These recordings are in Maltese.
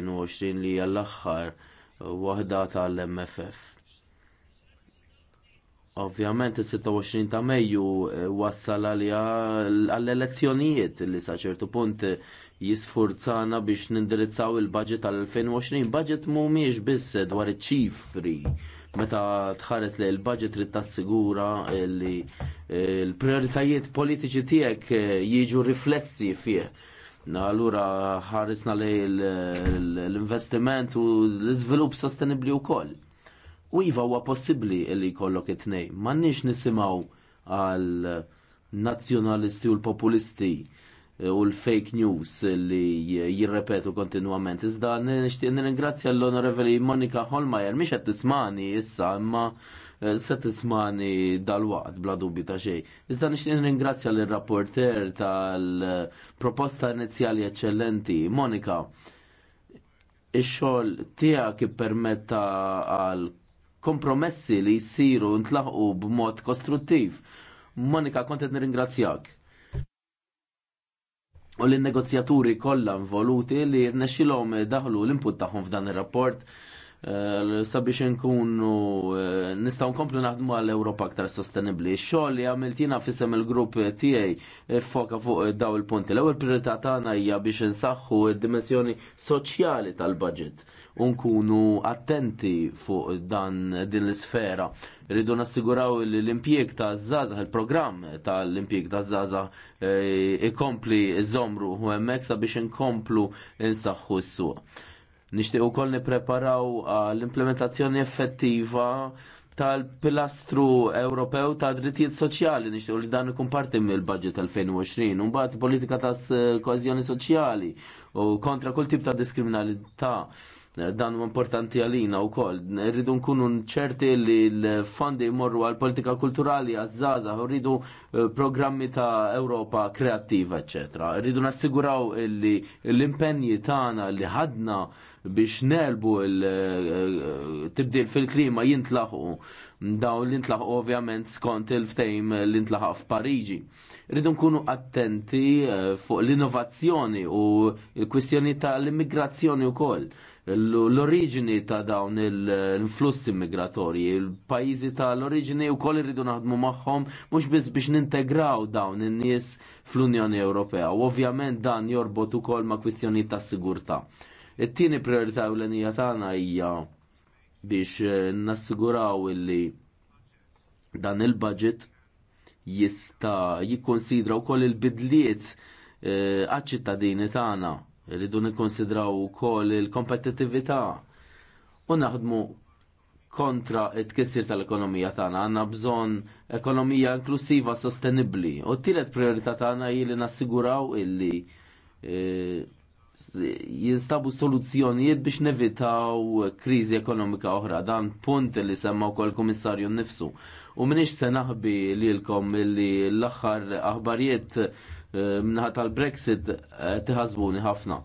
2020 li hija l-aħħar waħda tal-MFF. Ovvjament is-26 ta' Mejju eh, wassal għall-elezzjonijiet li sa ċertu punt jisfurzana biex nindirizzaw il-budget tal-2020. Budget mhumiex biss dwar iċ-ċifri. Meta tħares li il budget trid tassigura li eh, l-prioritajiet politiċi tiegħek eh, jiġu riflessi fih allura ħarisna li l-investiment u l-iżvilupp sostenibbli wkoll. U iva huwa possibbli li jkollok it-tnejn. M'għandniex nisimgħu għal nazzjonalisti u l-populisti e, u l-fake news li jirrepetu kontinwament. Iżda nixtieq nirringrazzja l-Onorevoli Monika Holmajer mhix qed tismani issa imma Eh, se tismani dal-waqt bla dubju ta' xejn. Iżda nixtieq ringrazzja lir rapporter tal-proposta inizjali eċċellenti, Monika. Ix-xogħol tiegħek ippermetta għal kompromessi li jsiru ntlaħqu b'mod kostruttiv. Monika, kont qed nirringrazzjak u l-negozjaturi kollha involuti li rnexxilhom daħlu l-input tagħhom f'dan ir-rapport Eh, sabiex nkunu eh, nistaw nkomplu naħdmu għall Ewropa aktar sostenibbli. X-xogħol li għamilt jiena fisem il-grupp tiegħi eh, foka fuq daw il-punti. L-ewwel priorità tagħna hija biex insaħħu d-dimensjoni soċjali tal-budget u nkunu attenti fuq dan din l-isfera. Rridu nassiguraw li l-impjieg ta' Zazah, il-programm tal-impjieg ta' żgħażagħ ikompli zomru u hemmhekk sabiex inkomplu insaħħu s-suq Nixtieq ukoll nippreparaw ah, l-implementazzjoni effettiva tal-pilastru Ewropew ta' drittijiet soċjali nixtieq li dan ikun parti mill-budget 2020 u mbagħad politika ta' koeżjoni soċjali u kontra kull tip ta' diskriminalità dan huwa importanti għalina wkoll. Rridu nkunu ċerti li l-fondi jmorru għal politika kulturali għazzaza, rridu eh, programmi ta' Ewropa kreattiva, eċetera. Rridu nassiguraw li l-impenji tagħna li ħadna biex nelbu l-tibdil eh, fil-klima jintlaħu daw l-intlaħu ovvjament skont il-ftejm l-intlaħu f'Pariġi. Rridu nkunu attenti eh, fuq l-innovazzjoni u l-kwistjoni tal-immigrazzjoni u koll l-oriġini ta' dawn l-influssi migratorji, l pajizi ta' l-oriġini u koll rridu naħdmu maħħom mux biz biex nintegraw dawn in-nies fl-Unjoni Ewropea. U ovvjament dan jorbot u koll ma' kwistjoni ta' sigurta. It-tieni priorità u l-enija tagħna hija biex eh, nassiguraw illi dan il-budget jista jikkonsidra wkoll il-bidliet eh, għaċ-ċittadini tagħna. Rridu nikkonsidraw ukoll il-kompetittività u naħdmu kontra t tkissir tal-ekonomija tagħna għandna bżonn ekonomija inklusiva sostenibbli. U t-tielet priorità tagħna hi li nassiguraw illi eh, jinstabu soluzzjonijiet biex nevitaw kriżi ekonomika oħra. Dan punt li semma wkoll komissarju nnifsu. U minix se naħbi lilkom li l-aħħar aħbarijiet eh, minħat tal-Brexit eh, tiħazbuni ħafna.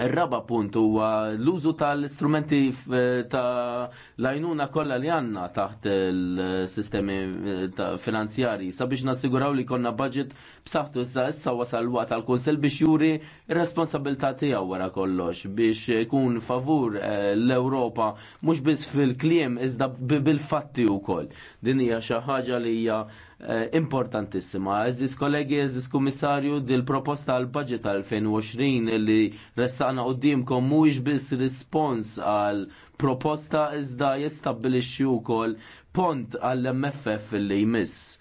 Il-raba punt huwa l-użu tal-istrumenti eh, ta' lajnuna kollha li għandna taħt il-sistemi eh, finanzjari sabiex nassiguraw li konna budget b'saħħtu issa issa wasal waqt tal-Kunsel biex juri responsabilità tiegħu wara kollox biex jkun favur eh, l-Ewropa mhux biss fil-kliem iżda bil-fatti wkoll. Din hija xi ħaġa li hija Eh, importantissima. Eżis kollegi, eżis kummissarju, dil-proposta għal budget għal 2020 li restaqna qoddimkom mhuwiex biss respons għal proposta iżda u wkoll pont għall MFF li jmiss.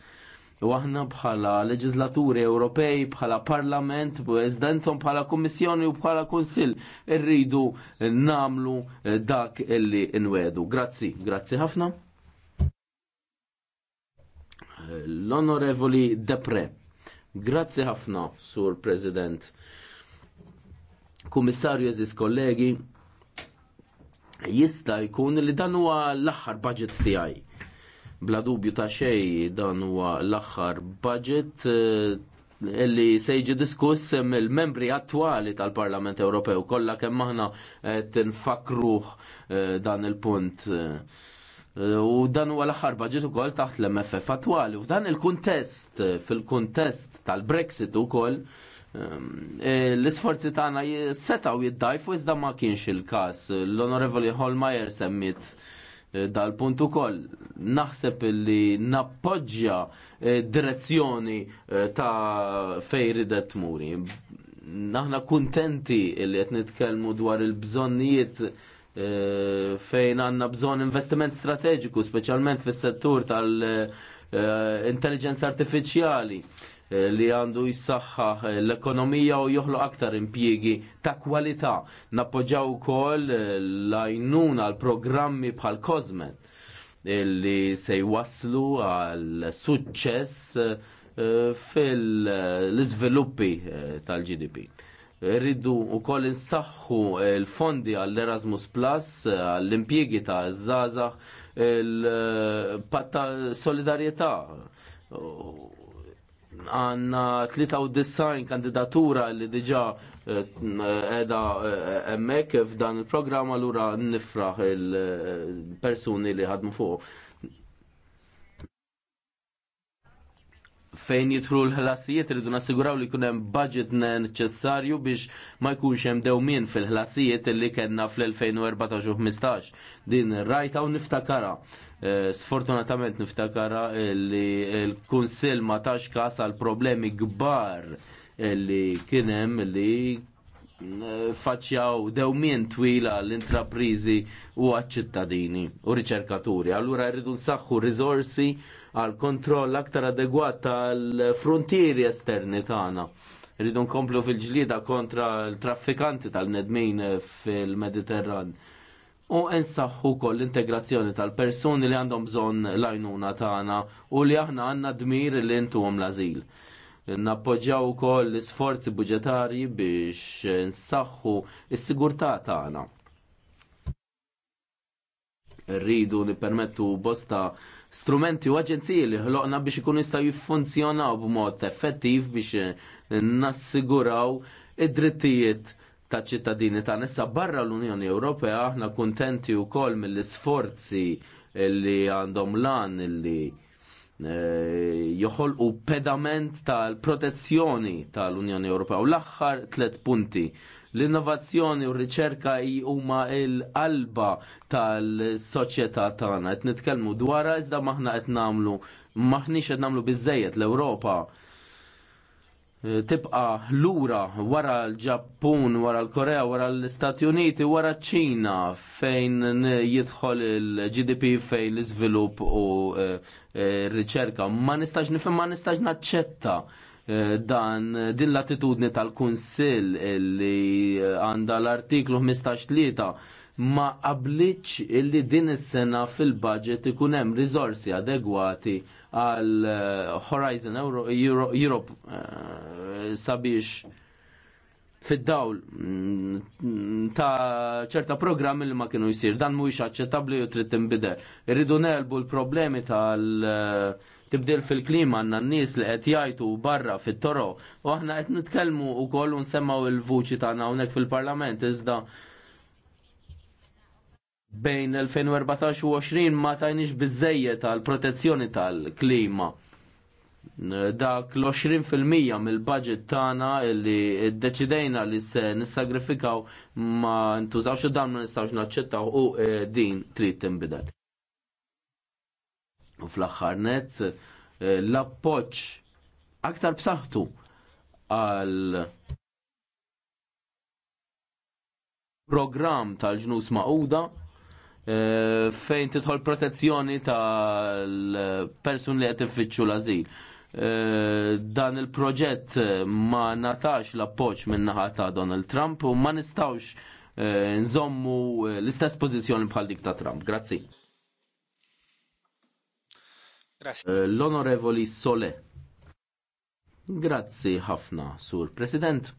U aħna bħala leġislaturi Ewropej, bħala Parlament, Presidentom, bħala Kummissjoni u bħala Kunsill irridu namlu eh, dak illi nwedu. Grazzi, grazzi ħafna l-Onorevoli Depre. Grazzi ħafna, Sur President. Kummissarju eżis kollegi, jista jkun li dan huwa l-aħħar budget tiegħi. Bla dubju ta' xej dan huwa l-aħħar budget illi eh, se jiġi diskuss mill-membri attwali tal-Parlament Ewropew kollha kemm aħna tinfakruh eh, dan il-punt. Uh, U dan huwa l-aħħar baġit ukoll taħt l-MFF attwali. U f'dan il-kuntest, fil-kuntest tal-Brexit ukoll, um, e, l-isforzi tagħna setaw jiddajfu iżda ma kienx il-każ. L-Onorevoli Holmeyer semmit e, dal-punt ukoll naħseb li nappoġġja e, direzzjoni ta' fejridet muri. Naħna kuntenti li qed nitkellmu dwar il-bżonnijiet Eh, fejn għanna bżon investiment strategiku, specialment fis settur tal-intelligenza eh, artificiali eh, li għandu jissaxħa l-ekonomija u joħlo aktar impjiegi ta' kwalità. Nappoġġaw ukoll l-għajnuna għal programmi bħal Cosmen li se jwaslu għal suċċess fil-izviluppi tal-GDP rridu wkoll insaħħu l-fondi għall-Erasmus Plus, għall-impjiegi ta' żgħażagħ, il-patta solidarjetà għanna 93 kandidatura li diġa eh, edha eh, emmek f'dan il-programma l-ura nifraħ il-persuni li ħadmu fuq. fejn jidħlu l-ħlasijiet rridu nassiguraw li jkun hemm budget neċessarju biex ma jkunx hemm dewmien fil-ħlasijiet li kellna fl-2014 u 15. Din rajta u niftakara. Eh, sfortunatament niftakara li l-Kunsill ma tax kasa l problemi kbar li kien hemm li eh, faċċjaw dewmien twila l-intraprizi u għacċittadini ċittadini u riċerkaturi. Allura rridu nsaħħu risorsi għal kontroll aktar adegwat tal-frontieri esterni tagħna. Rridu nkomplu fil-ġlida kontra l-traffikanti tal-nedmin fil-Mediterran. U nsaħħu kol l-integrazzjoni tal-persuni li għandhom bżonn l-għajnuna tagħna u li aħna għandna dmir li ntuhom l-azil nappoġġaw ukoll l-isforzi buġetarji biex nsaħħu s-sigurtà tagħna. Rridu nippermettu bosta strumenti u aġenziji li ħloqna biex ikun jistgħu jiffunzjonaw b'mod effettiv biex nassiguraw id-drittijiet ta' ċittadini ta' nessa barra l-Unjoni Ewropea aħna kuntenti wkoll mill-isforzi li għandhom lan li eh, joħolqu pedament tal-protezzjoni tal-Unjoni Ewropea. U l-aħħar tliet punti L-innovazzjoni u r-riċerka huma l-qalba tal-soċjetà tagħna. Qed nitkellmu dwarha iżda maħna qed nagħmlu maħniex qed nagħmlu biżejjed l-Ewropa e, tibqa lura wara l-Ġappun, wara l-Korea, wara l-Istati Uniti, wara ċ-Ċina fejn jidħol il-GDP fejn l-iżvilupp u e, e, r-riċerka. Ma nistax nifhem ma nistax naċċetta dan din l-attitudni tal-Kunsill li għanda l-artiklu 15-3 ma qablitx illi din is-sena fil-budget ikun hemm riżorsi adegwati għal eh, Horizon Euro Euro Europe uh, sabiex fid-dawl mm, ta' ċerta programmi li ma kienu jsir. Dan mhuwiex aċċettabbli u trid tinbidel. Irridu nelbu l-problemi tal- uh, tibdil fil-klima għanna n-nis li qed jajtu barra fit-toro u aħna qed nitkellmu wkoll u nsemmaw il-vuċi tagħna hawnhekk fil-Parlament iżda bejn 2014 u 20 ma tajniex biżejjed tal-protezzjoni tal-klima dak l-20% mill-budget tagħna li ddeċidejna li se nissagrifikaw ma ntużawx id-dan ma nistgħux naċċettaw u eh, din trid tinbidel u fl-aħħar net eh, l-appoġġ aktar b'saħħtu għal program tal-ġnus maquda eh, fejn titħol protezzjoni tal-persun li qed iffittxu l-azil. Eh, dan il-proġett ma natax l-appoġġ min-naħa ta' Donald Trump u ma nistawx nżommu l-istess pożizzjoni bħal dik ta' Trump. Grazzi. Eh, L-Onorevoli Sole. Grazzi ħafna, Sur President.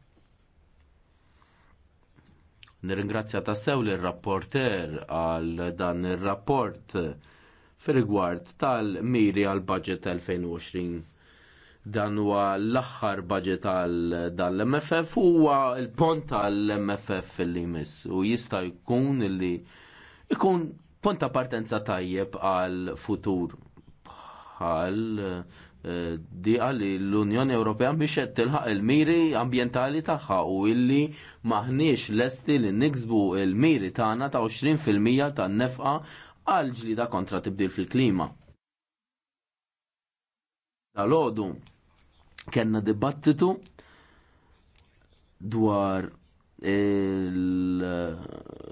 Nirringrazzja ta' sew l-rapporter għal dan il-rapport fir rigward tal-miri għal budget 2020 dan huwa l-aħħar budget għal dan l-MFF huwa l-pont tal mff li jmiss u jista' jkun li jkun ponta ta' partenza tajjeb għal futur bħal eh, diqa li l-Unjoni Ewropea biex qed tilħaq il-miri ambjentali tagħha u illi maħniex lesti li niksbu l miri tagħna ta' 20% tan-nefqa għal ġlida kontra tibdil fil-klima. Dalodu kellna dibattitu dwar il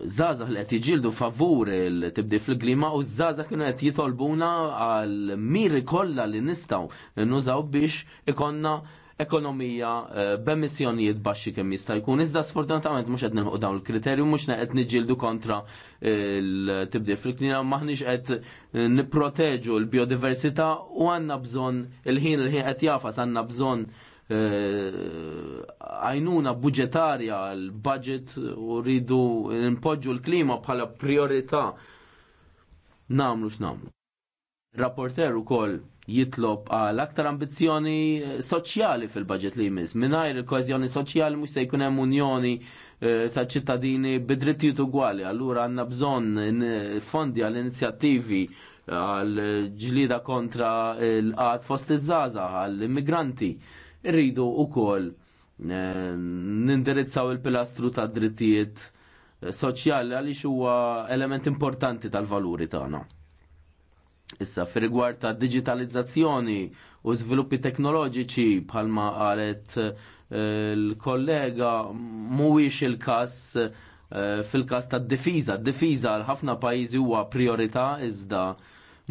żazax li qed jiġildu favur il-tibdi fil glima u żazax kienu qed jitolbuna għal miri kollha li nistgħu nużaw biex ikonna ekonomija eh, b'emissjonijiet baxxi kemm jista' jkun. Iżda sfortunatament mhux qed nilħuq dawn il-kriterju mhux qed niġġieldu kontra eh, l-tibdi fil-klima maħniex qed eh, nipproteġu l-biodiversità u għandna bżonn il-ħin il-ħin qed jafas għandna bżonn Eh, għajnuna e, budġetarja l-budget u rridu npoġġu l-klima bħala priorità namlu x-namlu. Rapporter ukoll jitlob għal aktar ambizzjoni eh, soċjali fil-budget li jmiss. Mingħajr il-kohezjoni soċjali mhux se jkun hemm unjoni eh, ta' ċittadini bidrittijiet ugwali, allura għandna bżonn fondi għall inizjattivi għal ġlida kontra l għad fost iż-żaza għall immigranti rridu wkoll eh, nindirizzaw il-pilastru ta' drittijiet eh, soċjali għaliex huwa element importanti tal-valuri tagħna. Issa fi rigward ta' digitalizzazzjoni u sviluppi teknoloġiċi bħalma qalet eh, l-kollega mhuwiex il-każ fil-każ tad-difiża. D-difiża għal ħafna pajjiżi huwa priorità iżda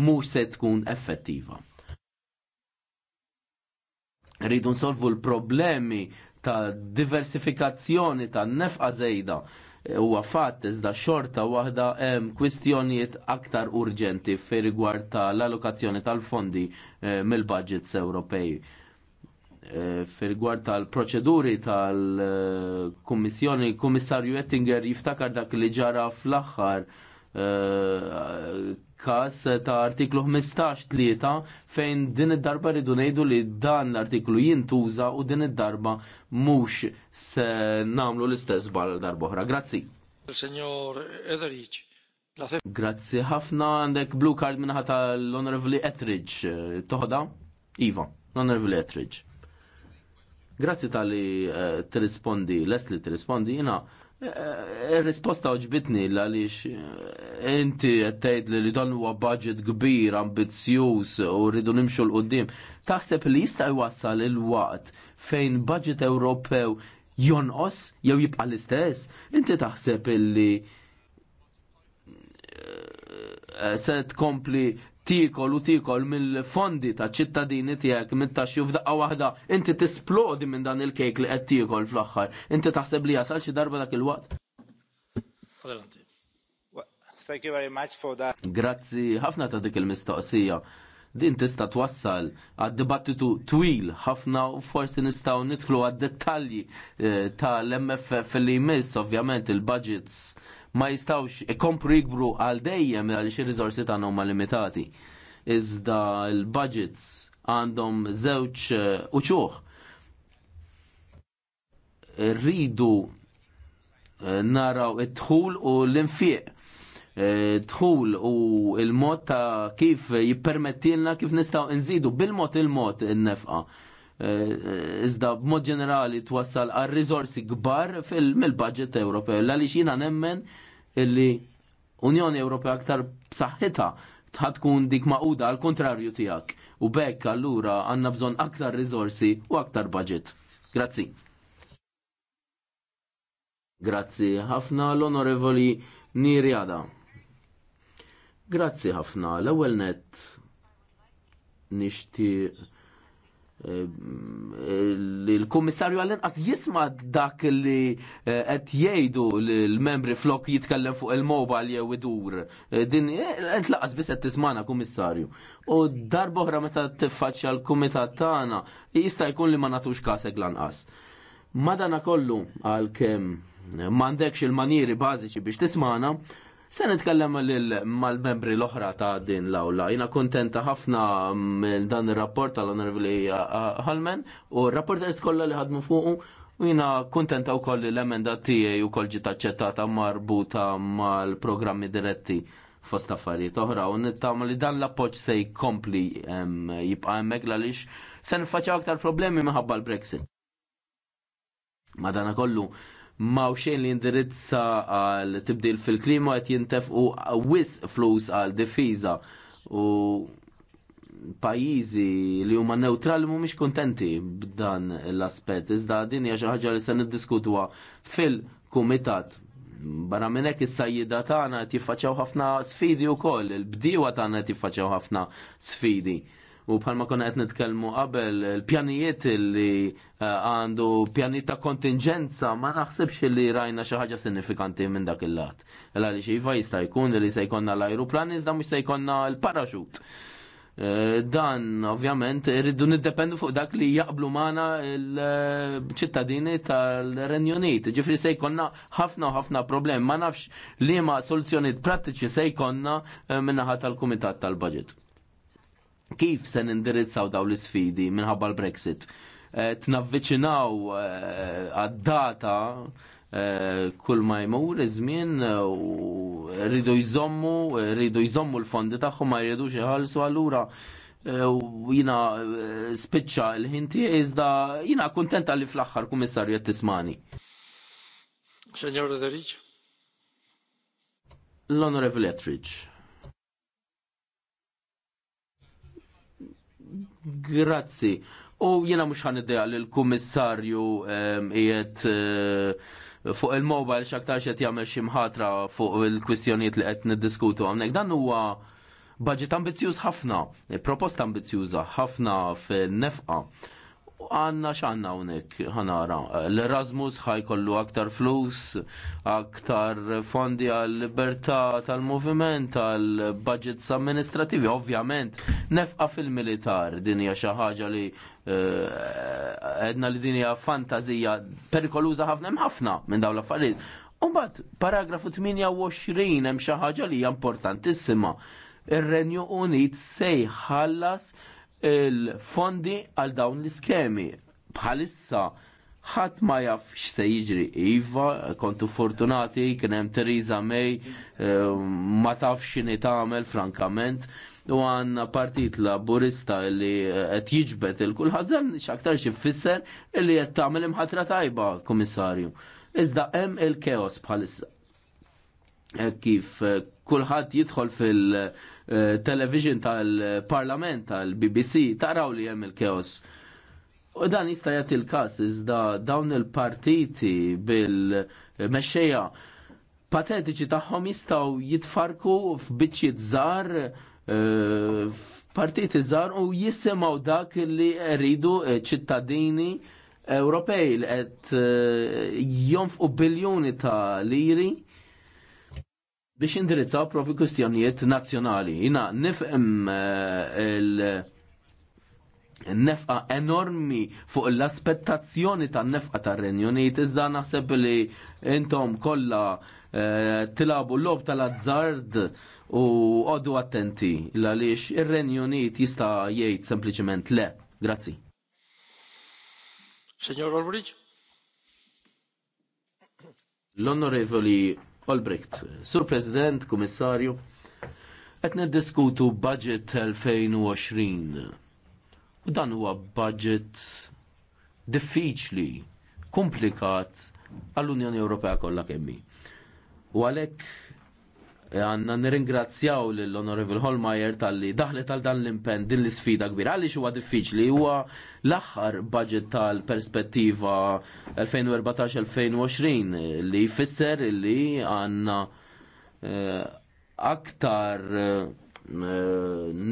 mhux se tkun effettiva. Rridu nsolvu l-problemi ta' diversifikazzjoni ta' nefqa zejda huwa fatt iżda xorta waħda hemm kwistjonijiet aktar urġenti fi rigward tal allokazzjoni tal-fondi eh, mill-budgets Ewropej. fir eh, fi rigward tal-proċeduri tal-Kummissjoni, eh, Kummissarju Ettinger jiftakar dak li ġara fl-aħħar Eh, kas ta' artiklu 15 tlieta fejn din id-darba rridu ngħidu li dan l-artiklu jintuża u din id-darba mhux se nagħmlu l-istess bħal darba oħra. Grazzi. Senjor Etheridge. Grazzi ħafna għandek blue card minnaħa tal-Honorable Etridge. Eh, toħda? Iva, l-Honorable Etridge. Grazzi tal-li eh, tirrispondi, lest li tirrispondi, jina Il-risposta eh, oġbitni għaliex eh, inti qed li li dan huwa budget kbir, ambizzjuż u rridu nimxu l-qoddim. Taħseb li jista' jwassal il-waqt fejn budget Ewropew jonqos jew jibqa' l-istess? Inti taħseb li eh, se tkompli tikol u tikol mill-fondi ta' ċittadini tiegħek mit-taxxi f'daqqa waħda inti tisplodi minn dan il-kejk li qed tikol fl-aħħar. Inti taħseb li jasal xi darba dak il-waqt? Thank you very much for that. Grazzi ħafna ta' dik il-mistoqsija din tista' twassal għad dibattitu twil ħafna u forsi nistgħu nidħlu għad dettalji eh, tal-MFF li jmiss ovvjament il-budgets ma jistawx ikompru jikbru għal dejjem għal xi riżorsi tagħhom limitati. Iżda l-budgets għandhom żewġ eh, uċuħ. Rridu eh, naraw it-dħul u l-infieq Eh, dħul u il-mod ta' kif jippermettilna kif nistaw nżidu bil-mod il-mod innefqa. nefqa eh, Iżda b'mod ġenerali twassal għal rizorsi kbar mill-budget Ewropew. Għaliex jiena nemmen illi Unjoni Ewropea aktar b'saħħitha tħad tkun dik maquda għal kontrarju tiegħek. U bekk allura għandna bżonn aktar rizorsi u aktar budget. Grazzi. Grazzi ħafna l-onorevoli Nirjada. Grazzi ħafna. L-ewwel net nixtieq eh, il-kummissarju għall-inqas jisma dak li eh, qed jgħidu l-membri flok jitkellem fuq il-mobile jew idur. Eh, din qed laqas biss qed tismana kummissarju. U darba oħra meta tiffaċċja l-kumitat tagħna jista' jkun li ma nagħtux kasek lanqas. Madana kollu għalkemm m'għandekx il-manieri bażiċi biex tismana, Se nitkellem mal-membri l-oħra ta' din l-awla. Jina kontenta ħafna mill dan ir-rapport tal-Onorevoli uh, uh, Hallman u r-rapporter kollha li ħadmu fuqu u jina kontenta u koll l-emenda tiegħi u koll ġita ċettata marbuta mal-programmi diretti fost affarijiet oħra u nittama li dan l-appoġġ se jkompli jibqa' hemmhekk għaliex se nifaċċaw aktar problemi minħabba l-Brexit. Madana kollu, maw xejn li indirizza għal tibdil fil-klima qed jintefqu wis flus għal defiza u pajjiżi li huma neutrali mhumiex kuntenti b'dan l-aspett. Iżda din hija xi ħaġa li se niddiskutuha fil-kumitat. Barra minn hekk is-sajjida tagħna qed jiffaċċjaw ħafna sfidi wkoll, il-bdiewa tagħna qed jiffaċċjaw ħafna sfidi u bħalma konna qed nitkellmu qabel il-pjanijiet li eh, għandu pjanijiet ta' kontingenza ma naħsibx li rajna xi ħaġa sinifikanti minn dak il-lat. Għaliex iva jista' jkun li se jkollna l-ajruplan iżda mhux se jkollna l-paraxut. Eh, dan, ovvjament, irridu niddependu fuq dak li jaqblu mana l-ċittadini tal-Renjonit. Ġifri se jkonna ħafna ħafna problem. Ma nafx li ma soluzzjoniet prattiċi se jkonna eh, minnaħat tal-Kumitat tal-Budget kif se nindirizzaw daw l-isfidi minħabba l-Brexit. Eh, Tnavviċinaw eh, għad-data eh, kull ma jmur iż-żmien u rridu jżommu, rridu jżommu l-fondi tagħhom ma jridux iħallsu allura u jina spiċċa l-ħinti iżda jina kontenta li fl-aħħar kummissarju qed tismani. Senjor Roderick. L-Onorevole Etridge. Grazzi. U jena mux ħan id l-kummissarju jiet eh, fuq il-mobile xaktar xiet jagħmel ximħatra fuq il-kwistjonijiet li qed niddiskutu hawnhekk. Dan huwa budget ambizjuż ħafna, proposta ambizjuża, ħafna f'nefqa għanna xanna unik ħanara. L-Erasmus ħajkollu aktar flus, aktar fondi għal-libertà tal-moviment, għal-budgets amministrativi, ovvjament. Nefqa fil-militar dinja xaħġa li eh, edna li dinja fantazija perikoluza ħafna ħafna minn dawn l-affarijiet. Umbat, paragrafu 28 hemm xi ħaġa li hija importantissima. Ir-Renju Unit se jħallas il-fondi għal dawn l-iskemi. Bħalissa ħadd ma jaf x'se jiġri. Iva, kontu fortunati, kien hemm Theresa May, eh, ma taf x'inhi tagħmel frankament. U għanna partit laburista li eh, qed jiġbet il-kulħadd hemm x'aktar xi fisser li qed tagħmel imħatra tajba, Kummissarju. Iżda hemm il-keos bħalissa. Eh, kif kulħadd jidħol fil-television tal-parlament tal-BBC taraw li hemm il-keos. U dan jista' jagħti l-każ iżda dawn il-partiti bil-mexxejja patetiċi tagħhom jistgħu jitfarku f'biċċiet żgħar eh, f'partiti żgħar u jisimgħu dak li rridu ċittadini Ewropej li qed eh, jonfqu biljuni ta' liri biex indirizzaw propri kwistjonijiet nazzjonali. Jina nifhem eh, il- nefqa enormi fuq l-aspettazzjoni ta' nefqa ta' Renjonit, iżda naħseb li intom kolla eh, tilabu l-lob tal-azzard u għoddu attenti l-għalix il-Renjonit jista jgħid sempliciment le. Grazzi. Signor Olbrich? L-onorevoli Olbricht, Sur President, Kummissarju, qed niddiskutu budget 2020. U dan huwa budget diffiċli, komplikat għall-Unjoni Ewropea kollha kemmi. U għalhekk E għanna nirringrazzjaw l-Honorable Holmeyer tal-li daħlet tal dan l-impen din l-sfida kbira għaliex huwa diffiċli huwa l-aħħar budget tal-perspettiva 2014-2020 li jfisser li għanna e, aktar e,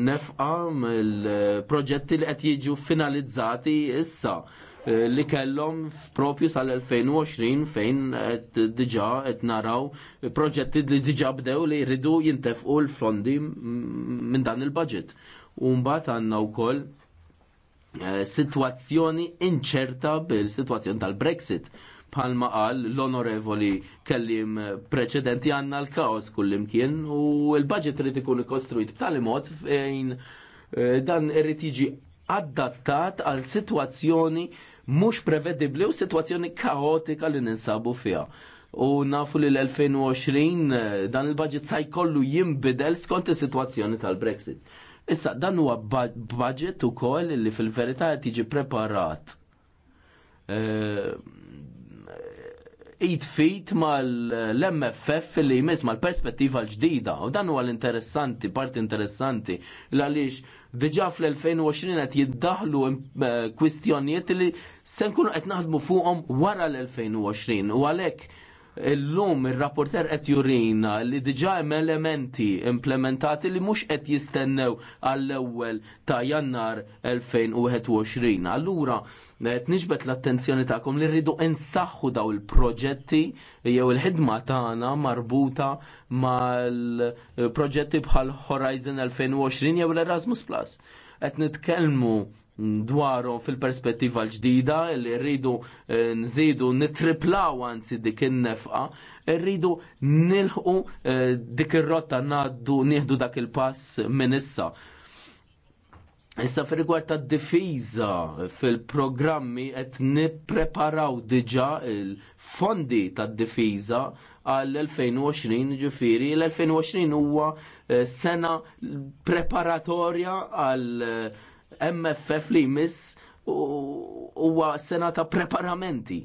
nefqa mill-proġetti li qed jiġu finalizzati issa Eh, li kellhom propju sal-2020 fejn qed diġà qed naraw proġetti li diġà bdew li jridu jintefqu l-fondi minn dan il-budget. U mbagħad għandna wkoll eh, sitwazzjoni inċerta bil-sitwazzjoni tal-Brexit palma qal l-onorevoli kellim preċedenti għanna l-kaos kullimkien u l-budget rrit ikun ikostruit b'tali mod fejn eh, dan irrid jiġi adattat għal situazzjoni mhux prevedibbli u sitwazzjoni kaotika li ninsabu fiha. U nafu li l-2020 eh, dan il-budget sa jkollu jimbidel skont is-sitwazzjoni tal-Brexit. Issa dan huwa budget ukoll li fil-verità tiġi preparat. Eh, id fit mal-MFF li jmiss mal-perspettiva l-ġdida u dan huwa l-interessanti, part interessanti għaliex diġa fl-2020 qed jiddaħlu eh, kwistjonijiet li se nkunu qed naħdmu fuqhom wara l-2020 u għalhekk Illum ir-rapporter qed jurina li diġà hemm elementi implementati li mhux qed jistennew għall-ewwel ta' Jannar 2021. Allura qed nixbet l-attenzjoni tagħkom li rridu insaħħu daw il-proġetti jew il-ħidma tagħna marbuta mal-proġetti bħal Horizon 2020 jew l-Erasmus Plus. Qed nitkellmu dwaru fil-perspettiva l-ġdida li rridu eh, nżidu nitriplaw anzi dik in-nefqa, rridu nilħu eh, dik ir-rotta ngħaddu nieħdu dak il-pass minn issa. Issa fi rigward ta' difiża fil-programmi qed nippreparaw diġà il-fondi ta' difiża għall 2020 ġifiri. L-2020 huwa eh, sena preparatorja għal, MFF li jmiss huwa sena ta' preparamenti.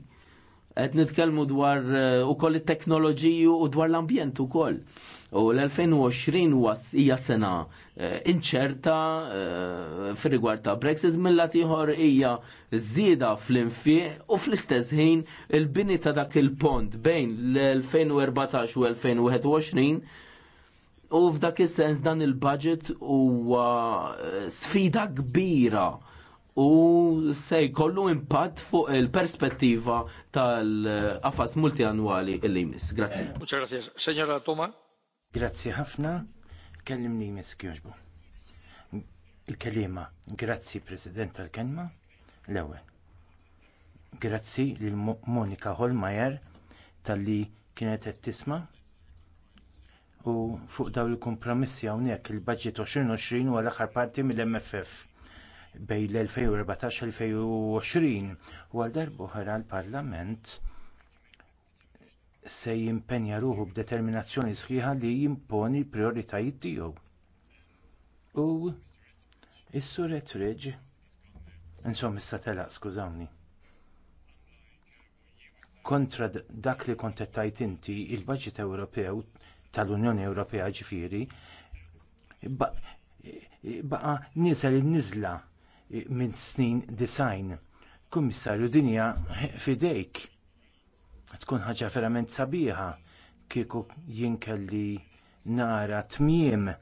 Qed nitkellmu dwar eh, ukoll it-teknoloġiju u dwar l-ambjent ukoll. U l-2020 hija sena eh, inċerta eh, fir rigward ta' Brexit mill-lat ieħor hija żieda fl-infiq u fl-istess ħin il-bini ta' dak il-pont bejn l-2014 u 2021 U f'dak is-sens dan il-budget huwa eh, sfida kbira u se jkollu impatt fuq il-perspettiva tal-qafas multianwali il jmiss. Grazzi. Eh, muchas gracias. Senjora Toma. Grazzi ħafna. Kellimni jmiss kjoġbu. Il-kelima. Grazzi President tal-kelma. lewe. Grazzi lil Monika Holmajer tal-li kienet tisma' u fuq dawn il-kompromissi hawnhekk il-budget 2020 huwa l-aħħar parti mill-MFF bejn l-2014-2020 u għal oħra l-Parlament se jimpenja ruħu b'determinazzjoni sħiħa li jimponi l-prijoritajiet tiegħu. U is-sur Etridge Insomma, issa telaq, skużawni. Kontra dak li tajt inti, il-budget Ewropew tal-Unjoni Ewropea ġifiri, baqa nisa li nizla minn snin design. Kummissarju dinja fidejk. Tkun ħaġa verament sabiħa kieku jinkelli nara tmiem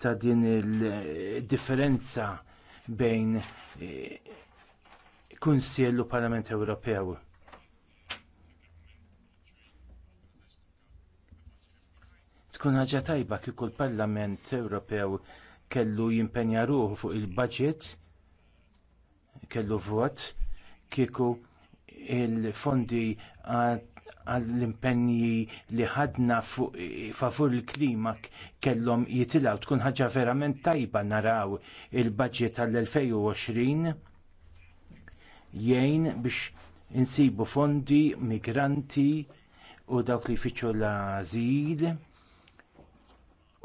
ta' din il-differenza bejn eh, Kunsill u Parlament Ewropew. Tkun ħaġa tajba kieku l-Parlament Ewropew kellu jimpenja ruħu fuq il-budget, kellu vot, kieku il-fondi għall-impenji li ħadna favur il-klima kellhom jitilgħu tkun ħaġa verament tajba naraw il-budget tal-2020 jgħin biex insibu fondi, migranti u dawk li fiċu l-azil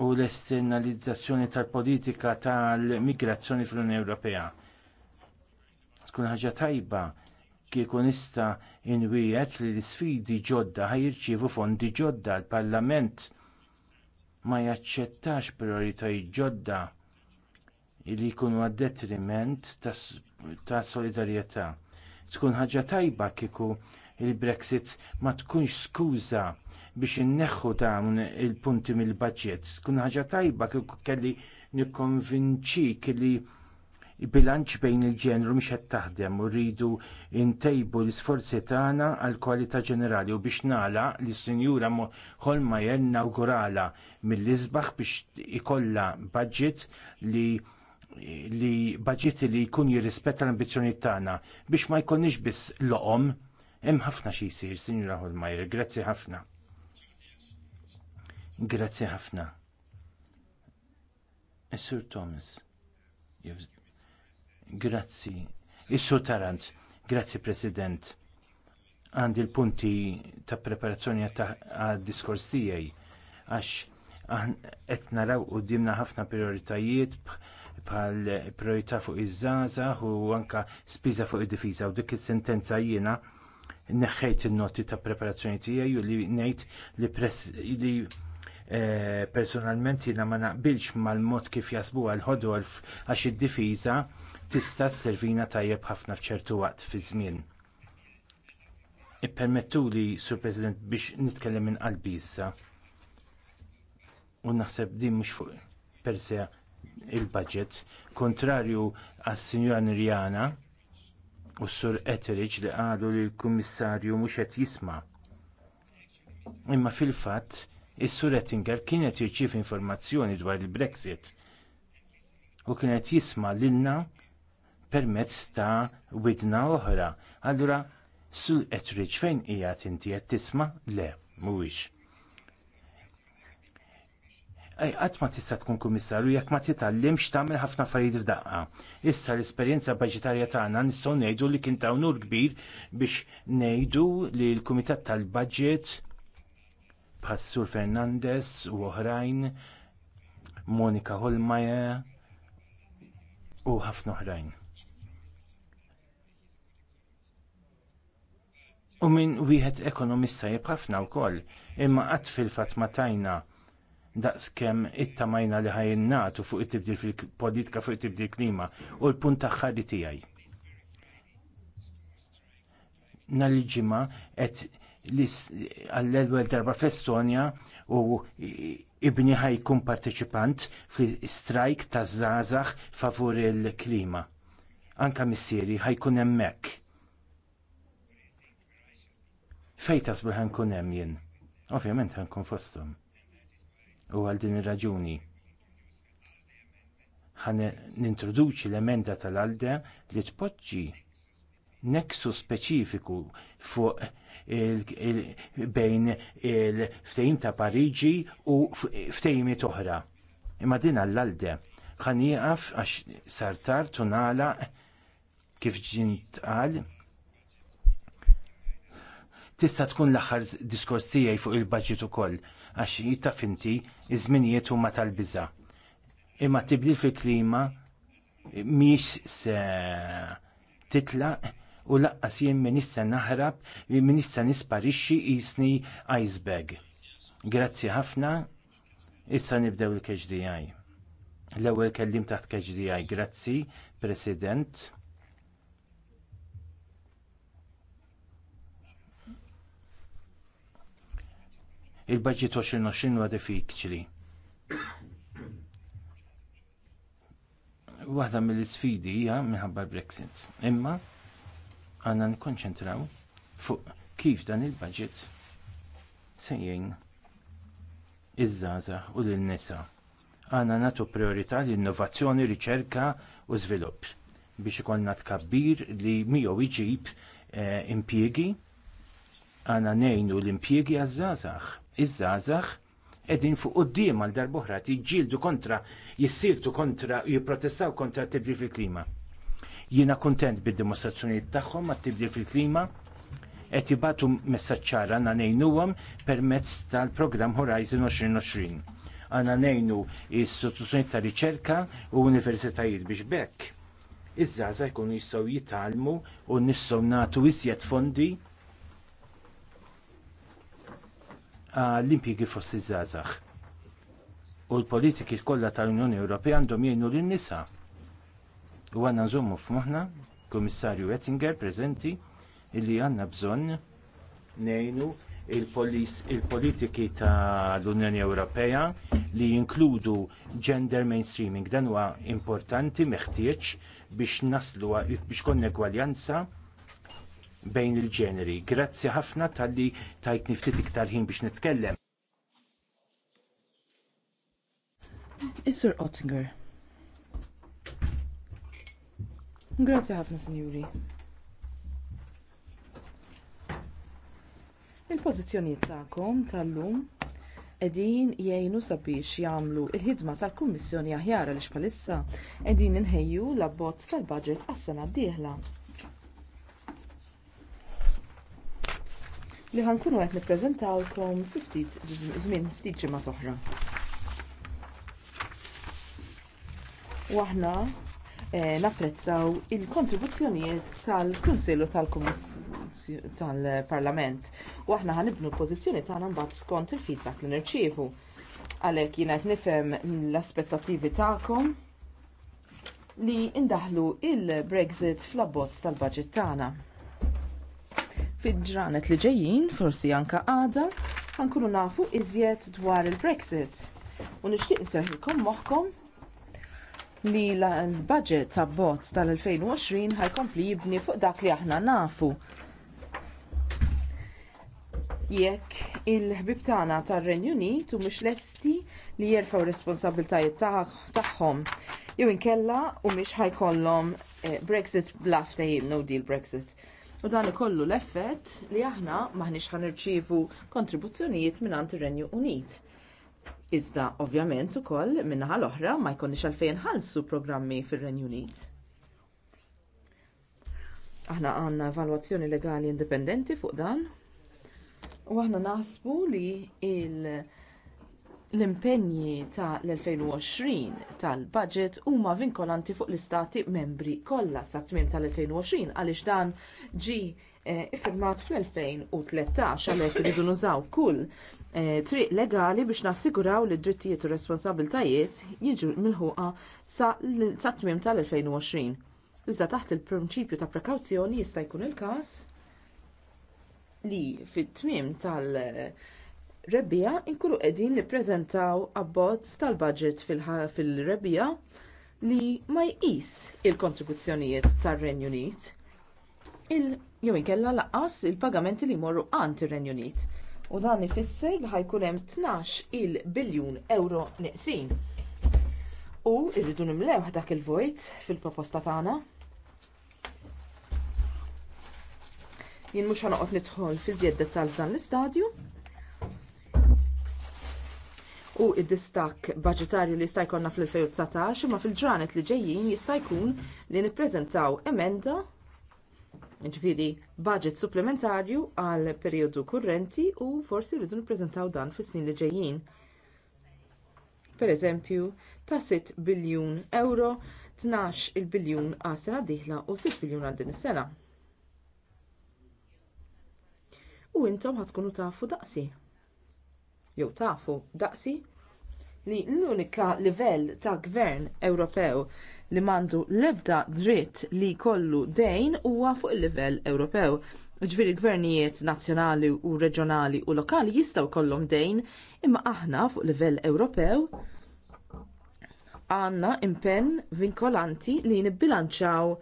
u l-esternalizzazzjoni tal-politika tal-migrazzjoni fl-Unjoni Ewropea. Tkun ħaġa tajba kieku nista inwiet li l isfidi ġodda ħajirċievu fondi ġodda l-Parlament ma jaċċettax prioritajiet ġodda li jkunu għad-detriment ta' solidarjetà. Tkun ħaġa tajba kieku il-Brexit ma tkunx skuża biex inneħħu dawn il-punti mill-budget. Tkun ħaġa tajba kelli nikkonvinċik li bilanċ bejn il-ġenru mhix qed taħdem u rridu ntejbu l-isforzi tagħna għal kwalità ġenerali u biex nagħlaq li sinjura Holmajer nawgurala mill-isbaħ biex ikollha budget li li budget li jkun jirrispetta l-ambizzjoni tagħna biex ma jkunniex biss loqom hemm ħafna xi jsir, Sinjura Holmajer, grazzi ħafna. Grazzi ħafna. Is-Sur Thomas. Grazzi. Is-Sur Tarant. Grazzi President. Għandi l-punti ta' preparazzjoni għad diskors tiegħi għax qed naraw dimna ħafna prioritajiet bħal priorità fuq iż żaza u anke spiża fuq id-difiża u dik is-sentenza jiena neħħejt in-noti ta' preparazzjoni tiegħi u li ngħid li Eh, personalment jiena ma naqbilx mal-mod kif jasbu l ħodorf għax id-difiża tista' sservina tajjeb ħafna f'ċertu waqt fi żmien. Ippermettuli, Sur President, biex nitkellem minn qalbi issa. U naħseb din mhux fuq perse il-budget, kontrarju għas-Sinjora Nirjana, u sur Etheridge li qalu li l-kummissarju mhux qed jisma. Imma fil-fatt Is-Sur Ettinger kienet jirċief informazzjoni dwar il-Brexit u kienet jisma' lilna permezz ta' widna oħra. Allura, Sur Etridge fejn qiegħed inti qed tisma' le mhuwiex. Qatt ma tista' tkun kummissarju jekk ma titallimx tagħmel ħafna affarijiet f'daqqa. Issa l-esperjenza baġitarja tagħna nistgħu ngħidu li kien ta' unur kbir biex ngħidu li l-Kumitat tal-Budget Passur Fernandez u oħrajn, Monika Holmajer u ħafna oħrajn. U minn wieħed ekonomista ħafna wkoll, imma qatt fil-fatt ma tajna daqskemm tamajna li ħajnatu fuq it-tibdil fil-politika fuq it-tibdil klima u l-punt aħħari tiegħi. Nhar il ġimgħa qed għall-ewwel darba fl-Estonja u ibni ħajkun parteċipant fl-strajk taż żgħażagħ favur il-klima. Anke missieri ħajkun hemmhekk. Fejn tasbel ħankun hemm jien? Ovvjament ħankun fosthom. U għal din ir-raġuni ħan nintroduċi l-emenda tal-alde li tpoġġi neksu speċifiku fuq bejn il-ftehim ta' Pariġi u ftehimiet oħra. Imma din għall-alde ħan għax sartar tunala kif ġint għal. tista' tkun l-aħħar diskors tiegħi fuq il-baġġit ukoll għax jitta finti iż-żminijiet huma tal Imma tibdil fil-klima miex se titlaq u laqqas jien min issa naħrab li issa nisparixxi isni iceberg. Grazzi ħafna, issa nibdew il kgdi L-ewwel kellim taħt KGDI, grazzi, President. il-budget 2020 huwa diffiċli. Waħda mill-isfidi hija minħabba Brexit. Imma għanna nkonċentraw fuq kif dan il-budget se jgħin iż-żgħażagħ u lin-nisa. Għanna nagħtu priorità l-innovazzjoni, riċerka u żvilupp biex ikollna tkabbir li miegħu jġib eh, impjiegi Għanna nejnu l-impjiegi għazzazax. Iż-żazax edin fuq qoddim għal darbohra tiġġieldu kontra, jissirtu kontra, jipprotestaw kontra t-tibdil fil-klima. Jiena kuntent bid-dimostrazzjonijiet tagħhom għat-tibdil fil-klima qed jibatu messaċċara għandna ngħinuhom permezz tal-programm Horizon 2020. Għandna ngħinu istituzzjonijiet ta' riċerka u universitajiet biex bekk. Iż-żgħażagħ jkunu jistgħu jitalmu u nistgħu nagħtu iżjed fondi għall-impjiegi fost iż-żgħażagħ. U l-politiki kollha tal-Unjoni Ewropea għandhom jgħinu lin-nisa U għandna nżommu f'moħħna Kummissarju Oettinger preżenti illi għandna bżonn ngħinu il-politiki il politiki tal unjoni Ewropea li jinkludu gender mainstreaming dan huwa importanti meħtieġ biex naslu biex konna egwaljanza bejn il-ġeneri. Grazzi ħafna talli tajtni ftit iktar ħin biex nitkellem. is Ottinger. Grazzi ħafna, Sinjuri. Il-pożizzjonijiet tagħkom tal-lum qegħdin jgħinu sabiex jagħmlu l-ħidma tal-Kummissjoni aħjar li bħalissa qegħdin inħejju l-abbozz tal budget għas-sena d-dieħla. Li ħankunu qed nippreżentawkom fi ftit żmien ftit ġimgħa oħra. Waħna Eh, napprezzaw il-kontribuzzjonijiet tal-Kunsill u tal-Parlament u aħna ħanibnu l-pożizzjoni tagħna mbagħad skont il-feedback li nirċievu. Għalhekk jiena qed nifhem l-aspettattivi tagħkom li ndaħlu l brexit fl-abbozz tal-baġit tagħna. Fid-ġranet li ġejjin, forsi anke għada, ħankunu nafu iżjed dwar il-Brexit. U nixtieq nserħilkom moħħkom li l-budget ta' bozz tal-2020 ħajkompli jibni fuq dak li aħna nafu. Jekk il-ħbib tagħna tar-Renju Unit mhux lesti li jerfgħu responsabiltajiet tagħhom jew inkella u mhix ħajkollhom eh, Brexit bluff tejjim no deal Brexit. U dan ikollu l-effett li aħna maħniex ħanirċievu kontribuzzjonijiet mingħand ir-Renju Unit Iżda ovvjament ukoll min-naħa l-oħra ma jkunniex għalfejn ħalsu programmi fir-Renju Unit. Aħna għandna evalwazzjoni legali indipendenti fuq dan u aħna naħsbu li il- l-impenji ta' l-2020 tal-budget huma vinkolanti fuq l-istati membri kollha sa tmiem tal-2020 għaliex dan ġie eh, iffirmat fl-2013 għalhekk iridu nużaw kull eh, triq legali biex nassiguraw li d-drittijiet u responsabiltajiet jiġu milħuqa sa tmiem tal-2020. Iżda taħt il-prinċipju ta' prekawzjoni jista' jkun il-każ li fit-tmiem tal- rebbija inkunu qegħdin nippreżentaw abbozz tal-budget fil-rebbija li ma jqis il-kontribuzzjonijiet tar-Renju Unit jew inkella lanqas il-pagamenti li jmorru għand ir-Renju Unit. U dan ifisser li ħajkun hemm 12 il biljun euro neqsin. U rridu nimlew dak il-vojt fil-proposta tagħna. Jien mhux ħanoqgħod nidħol fi żjed tal f'dan l-istadju, u d distakk budġetarju li jista' jkollna fl-2019 imma fil-ġranet li ġejjin jista' jkun li nippreżentaw emenda ġifiri budget supplementarju għal perjodu kurrenti u forsi rridu nippreżentaw dan fis-snin li ġejjin. Pereżempju, ta' 6 biljun euro, 12 il biljun għal sena diħla u 6 biljun għal din is-sena. U intom ħatkunu tafu daqsi jew tafu daqsi li l-unika livell ta' gvern Ewropew li mandu l-ebda dritt li jkollu dejn huwa fuq il-livell Ewropew. Ġviri gvernijiet nazzjonali u reġjonali u lokali jistgħu jkollhom dejn imma aħna fuq livell Ewropew għandna impenn vinkolanti li nibbilanċaw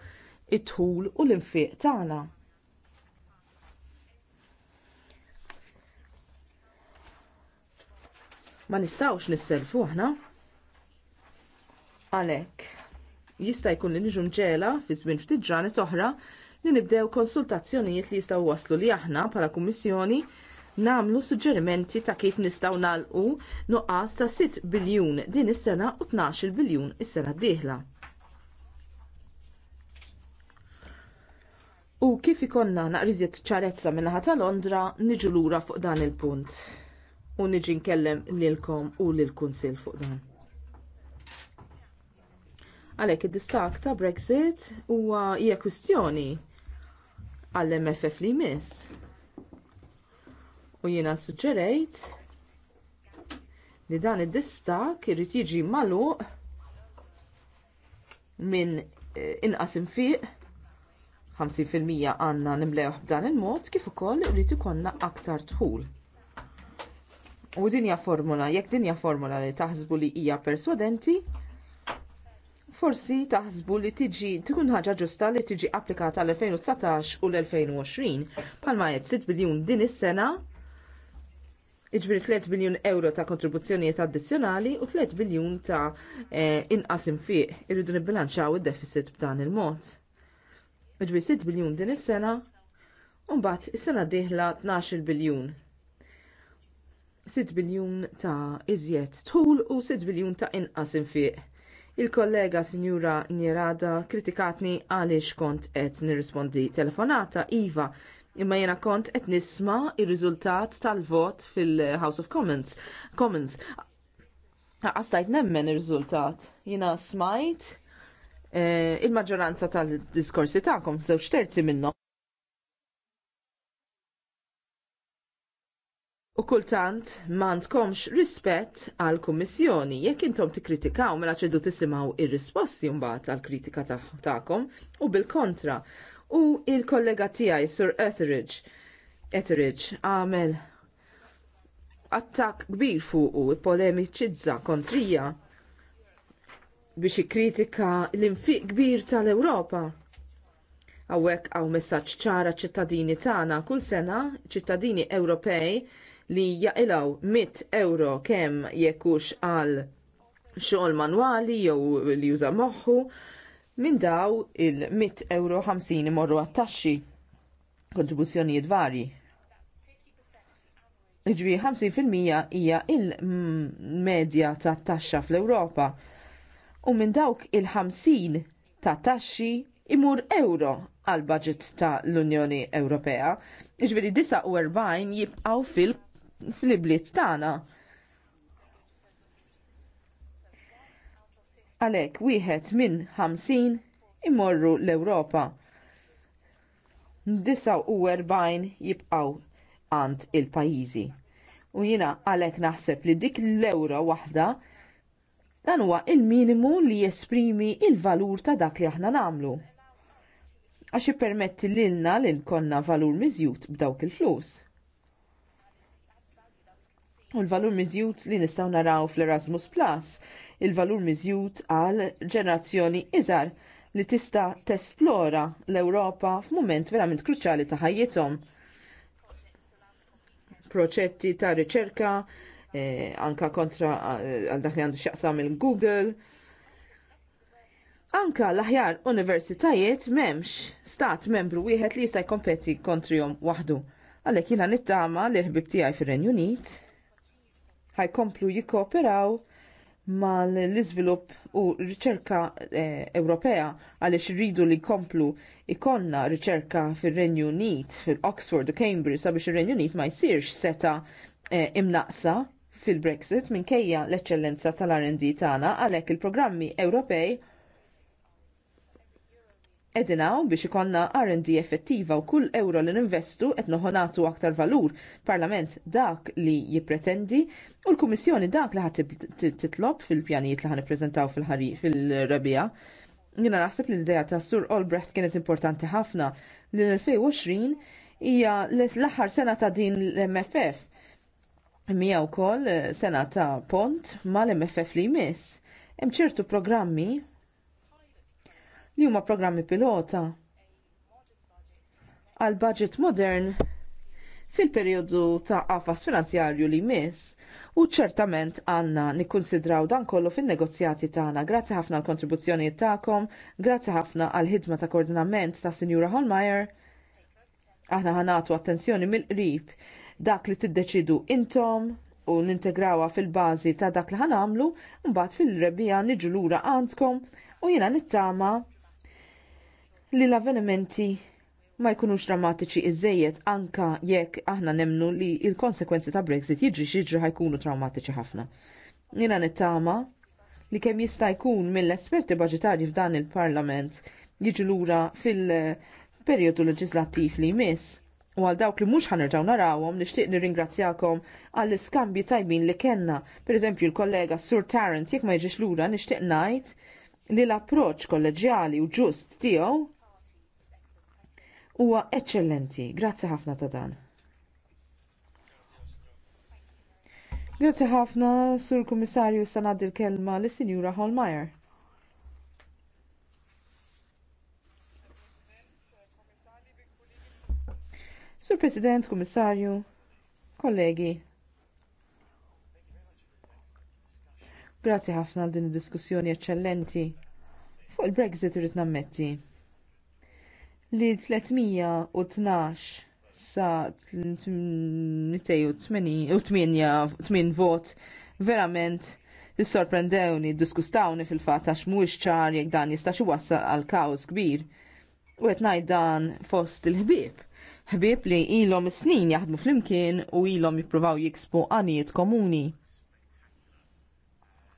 it-tul u l-infiq tagħna. ma nistawx nisselfu aħna. Għalhekk, jista' jkun li niġu mġela fi żmien ftit ġranet oħra li nibdew konsultazzjonijiet li jistgħu waslu li aħna bħala Kummissjoni nagħmlu suġġerimenti ta' kif nistgħu nagħlqu nuqqas ta' 6 biljun din is-sena u 12 biljun is-sena d-dieħla. U kif ikonna naqriżiet ċarezza minnaħa ta' Londra niġu lura fuq dan il-punt u niġi nkellem lilkom u lill-Kunsill fuq dan. Għalhekk id-distak ta' Brexit huwa hija kwistjoni għall-MFF li jmiss. U jiena suġġerejt li dan id-distak irid jiġi magħluq minn e, inqasim infiq 50% għandna nimlew b'dan il-mod kif ukoll irid ikollna aktar dħul. U dinja formula, jekk dinja formula li taħsbu li hija perswadenti, forsi taħsbu li tiġi tkun ħaġa ġusta li tiġi applikata l-2019 u l-2020 palma jgħid 6 biljun din is-sena iġbiri 3 biljun euro ta' kontribuzzjonijiet addizzjonali u 3 biljun ta' eh, inqas infiq irridu nibbilanċaw id-deficit b'dan il-mod. Iġbiri 6 biljun din is-sena u mbagħad is-sena d-dieħla 12 biljun 6 biljun ta' iżjed tul u 6 biljun ta' inqas infiq. Il-kollega Sinjura Njerada kritikatni għaliex kont qed nirrispondi telefonata Iva imma jena kont qed nisma ir-riżultat tal-vot fil-House of Commons. Commons. Għastajt nemmen ir-riżultat. Jena smajt eh, il-maġġoranza tal-diskorsi tagħkom żewġ terzi minnhom. U kultant m'għandkomx rispett għall kummissjoni jekk intom tikkritikaw mela ċedu tisimgħu ir-risposti mbagħad għall kritika tagħkom u bil-kontra. U l kollega tiegħi Sir Etheridge Etheridge għamel attakk kbir fuq u polemiċizza kontrija biex ikkritika l-infiq kbir tal-Ewropa. Għawek għaw messaċ ċara ċittadini tagħna kull sena ċittadini Ewropej li jaqilaw 100 euro kemm jekkux għal xogħol manwali jew li juża moħħu minn daw il-100 euro 50 imorru għat-taxxi kontribuzzjonijiet varji. Iġbi 50% hija il-medja tat taxxa fl-Ewropa. U minn dawk il-50 ta' taxxi imur euro għal budget ta' l-Unjoni Ewropea. Iġveri 49 jibqaw fil fl-ibliet tagħna. Għalhekk wieħed minn 50 imorru l-Ewropa. 49 jibqgħu għand il-pajjiżi. U jiena għalhekk naħseb li dik l-ewra waħda dan huwa il-minimu li jesprimi l valur ta' dak li aħna nagħmlu. Għax l-inna l-inkonna valur miżjud b'dawk il-flus u l-valur miżjud li nistgħu naraw fl-Erasmus Plus, il-valur miżjud għal ġenerazzjoni iżar li tista tesplora l-Ewropa f'mument verament kruċjali ta' ħajjithom. Proċetti ta' riċerka, eh, anka kontra eh, għal dak li għandu xaqsam il-Google. Anka l-aħjar universitajiet m'hemmx stat membru wieħed li jista' jkompeti kontrihom waħdu. Għalhekk jiena nittama li ħbib tiegħi fir-Renju Unit ħajkomplu jikkooperaw mal-iżvilupp u riċerka eh, Ewropea għaliex irridu li jkomplu ikonna riċerka fir-Renju Unit, fil-Oxford u Cambridge sabiex ir-Renju Unit ma jsirx seta eh, imnaqsa fil-Brexit minkejja l eċċellenza tal-R&D tagħna għalhekk il-programmi Ewropej Edinaw biex ikonna R&D effettiva u kull euro li ninvestu qed noħonatu aktar valur, Parlament dak li jippretendi u l-Kummissjoni dak li ħad titlob fil-pjanijiet li ħan ippreżentaw fil-rebija. Jina naħseb li l-idea ta' Sur Olbrecht kienet importanti ħafna li l-2020 hija l-aħħar sena ta' din l-MFF. Mija wkoll eh, sena ta' pont mal-MFF li jmiss. Hemm ċertu programmi li huma programmi pilota għal budget modern fil-perjodu ta' qafas finanzjarju li jmiss u ċertament għandna nikkunsidraw dan kollu fin-negozjati tagħna. Grazzi ħafna għall kontribuzzjonijiet tagħkom, grazzi ħafna għall ħidma ta' koordinament ta' Sinjura Holmeyer. Aħna ħanatu attenzjoni mill-qrib dak li tiddeċidu intom u nintegrawha fil-bażi ta' dak li ħanamlu, mbagħad fil-rebbija niġu lura għandkom u jiena nittama' li l-avvenimenti ma jkunux drammatiċi iżejjed anka jekk aħna nemnu li il-konsekwenzi ta' Brexit jiġri xiġri ħajkunu traumatiċi ħafna. Jina nittama li kemm jista' jkun mill-esperti budgetarji f'dan il-Parlament jiġu lura fil-perjodu leġislattiv li jmiss u għal dawk li mhux ħanerġaw narawhom nixtieq nirringrazzjakom għall iskambji tajbin li kellna. Pereżempju l-kollega Sur Tarrant jekk ma jiġix lura nixtieq ngħid li l-approċċ kolleġjali u ġust tiegħu huwa eċċellenti. Grazzi ħafna ta' dan. Grazzi ħafna sur kummissarju sanad il-kelma lis sinjura Holmeyer. Sur President, Kummissarju, kollegi. Grazzi ħafna għal din id-diskussjoni eċċellenti. Fuq il-Brexit irid nammetti li 312 sa 388 vot verament sorprendewni diskustawni fil-fatt għax mhuwiex ċar jekk dan jista' xi wassal għal kaos kbir. U qed ngħid dan fost il-ħbieb. Ħbieb li ilhom snin jaħdmu flimkien u ilhom jippruvaw jiksbu għanijiet komuni.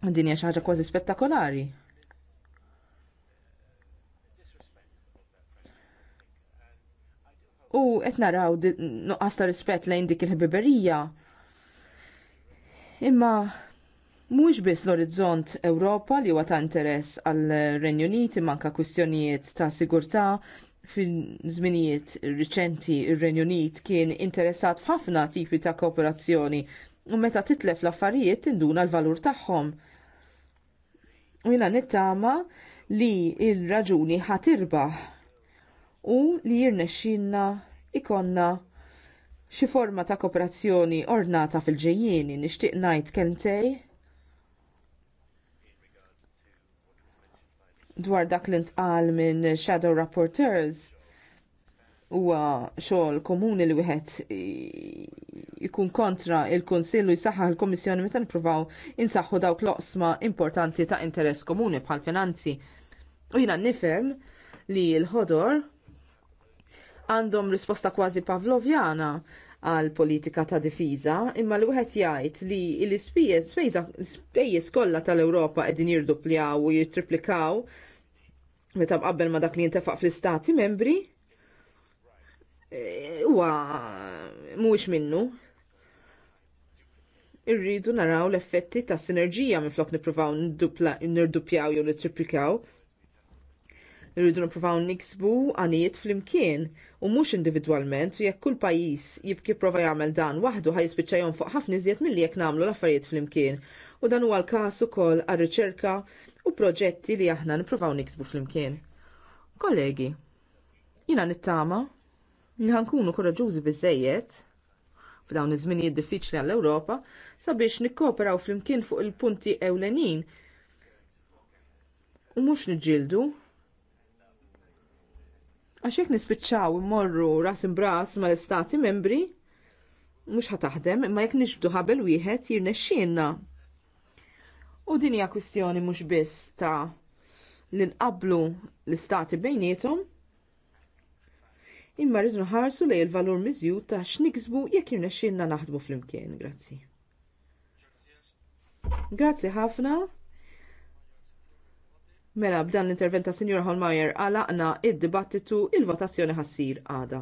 Din hija xi ħaġa kważi spettakolari. u qed naraw nuqqas ta' rispett lejn dik il-ħbiberija. Imma Mhux biss l-orizzont Ewropa li huwa ta' interess għal Renju Unit manka kwistjonijiet ta' sigurtà fil-żminijiet riċenti ir-Renju Unit kien interessat f'ħafna tipi ta' kooperazzjoni u meta titlef l-affarijiet tinduna l-valur tagħhom. U jiena nittama li l raġuni ħatirbaħ u li jirnexxinna ikonna xi forma ta' kooperazzjoni ornata fil-ġejjieni nixtieq ngħid kemtej dwar dak li ntqal minn shadow rapporteurs huwa xogħol komuni li wieħed ikun kontra il-Kunsill u jsaħħaħ il-Kummissjoni meta nippruvaw insaħħu dawk l-oqsma importanti ta' interess komuni bħal finanzi. U jiena nifhem li l-ħodor għandhom risposta kważi pavlovjana għal politika ta' difiża, imma l wieħed jgħid li l-ispejjeż kollha tal-Ewropa qegħdin jirdupljaw u jittriplikaw meta mqabbel ma dak li jintefaq fl-istati membri e, huwa mhuwiex minnu. Irridu naraw l-effetti ta' sinerġija minflok nippruvaw nirdupjaw jew nittriplikaw. Irridu nippruvaw niksbu għanijiet flimkien u mhux individwalment u jekk kull pajjiż jibki prova jagħmel dan waħdu ħaj jom fuq ħafna iżjed milli jekk nagħmlu l-affarijiet flimkien. U dan huwa l-każ ukoll għar-riċerka u proġetti li aħna nippruvaw niksbu flimkien. Kollegi, jiena nittama li ħankunu koraġużi biżżejjed f'dawn iż-żminijiet diffiċli għall-Ewropa sabiex nikkooperaw flimkien fuq il-punti ewlenin u mhux niġġieldu Għax jekk nispiċċaw immorru ras imbras mal-istati membri, mhux ħataħdem, imma jekk nixbdu ħabel wieħed jirnexxielna. U din hija kwistjoni mhux biss ta' li nqablu l-istati bejniethom, imma rridu nħarsu lejn il-valur miżjud ta' x'niksbu jekk irnexxielna naħdmu flimkien. Grazzi. Grazzi ħafna. Mela b'dan l-intervent ta' Sinjor Holmeyer għalaqna id-dibattitu il-votazzjoni ħassir għada.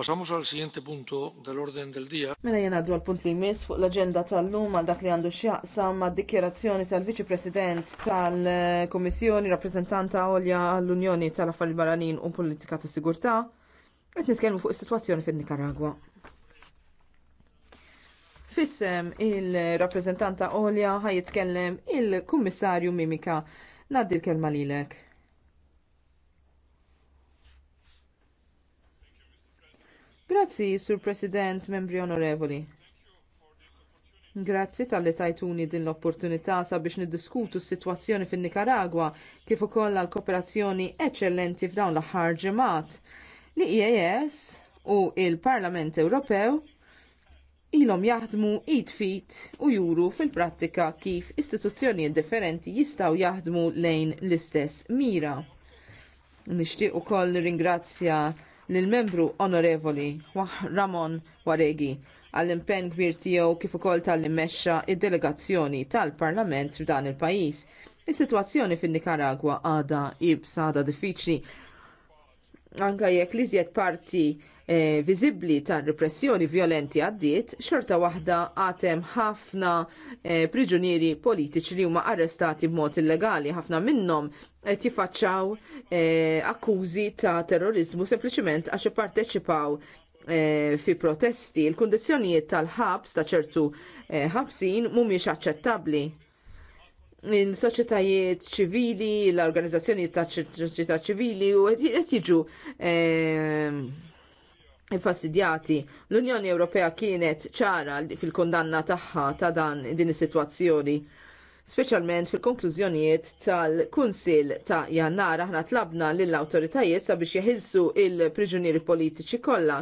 Pasamos al siguiente punto dell'orden del dia. Mela jena għaddu għal-punt li jmiss fuq l-agenda tal-lum għal dak li għandu xjaqsa ma' dikjerazzjoni tal-Viċi President tal-Komissjoni Rappresentanta għolja għall-Unjoni tal-Affarijiet Barranin u Politika ta' Sigurtà. Qed nitkellmu fuq is-sitwazzjoni fin-Nikaragwa. Fissem il-rappreżentanta Olja ħajitkellem il-Kummissarju Mimika. Naddi l-kelma lilek. Grazzi, Sur President, membri onorevoli. Grazzi tal-li tajtuni din l-opportunità sabiex niddiskutu s-sitwazzjoni fin nikaragwa kif ukoll l kooperazzjoni eċċellenti f'dawn l-aħħar ġemat. L-IAS u l parlament Ewropew ilhom jaħdmu id fit u juru fil-prattika kif istituzzjonijiet differenti jistgħu jaħdmu lejn l-istess mira. Nixtieq ukoll ringrazzja lill membru onorevoli Ramon Waregi għall-impenn kbir tiegħu kif ukoll tal-immexxa id-delegazzjoni tal-Parlament f'dan il-pajjiż. Is-sitwazzjoni fin-Nikaragwa għadha jib' sada diffiċli. Anke jekk li parti E, viżibbli ta' repressjoni vjolenti għaddiet, xorta waħda għatem ħafna e, priġunieri politiċi li huma arrestati b'mod illegali, ħafna minnhom qed jifaċċaw e, akkużi ta' terrorizmu sempliċiment għax ipparteċipaw fi protesti, il kundizzjonijiet tal-ħabs ta' ċertu ħabsin mhumiex aċċettabbli. Il-soċjetajiet ċivili, l-organizzazzjonijiet ta' soċjetà ċivili u qed jiġu infastidjati. L-Unjoni Ewropea kienet ċara fil-kondanna tagħha ta' dan din is-sitwazzjoni speċjalment fil-konklużjonijiet tal-Kunsil ta' Jannar aħna tlabna lill awtoritajiet sabiex jeħilsu il-priġunieri politiċi kollha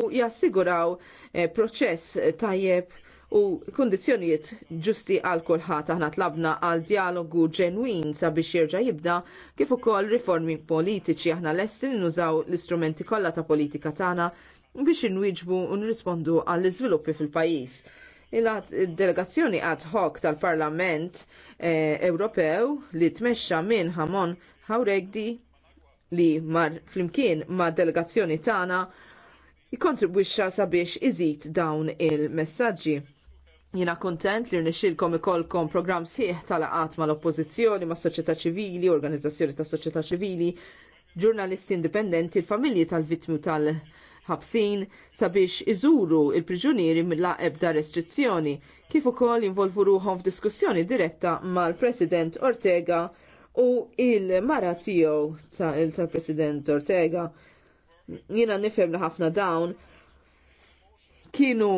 u jassiguraw eh, proċess tajjeb u kundizzjonijiet ġusti għal kulħadd aħna tlabna għal dialogu ġenwin sabiex jerġa' jibda kif ukoll riformi politiċi aħna lesti li nużaw l-istrumenti kollha ta' politika tagħna biex inwiġbu u nrispondu għall iżviluppi fil-pajjiż. Il-delegazzjoni ad hoc tal-Parlament eh, Ewropew li tmexxa minn Hamon Hawregdi li mar flimkien ma' delegazzjoni tagħna jikkontribwixxa sabiex iżid dawn il-messaġġi. Jina kontent li rnexilkom ikolkom programm sieħ tal ma mal-oppożizzjoni, ma' soċjetà ċivili, organizzazzjoni ta' soċjetà ċivili, ġurnalisti indipendenti, il-familji tal-vittmu tal-ħabsin sabiex iżuru il-priġunieri mill ebda restrizzjoni, kif ukoll involvu ruħhom f'diskussjoni diretta mal-President Ortega u il-mara tiegħu tal-President Ortega. Jiena nifhem li ħafna dawn kienu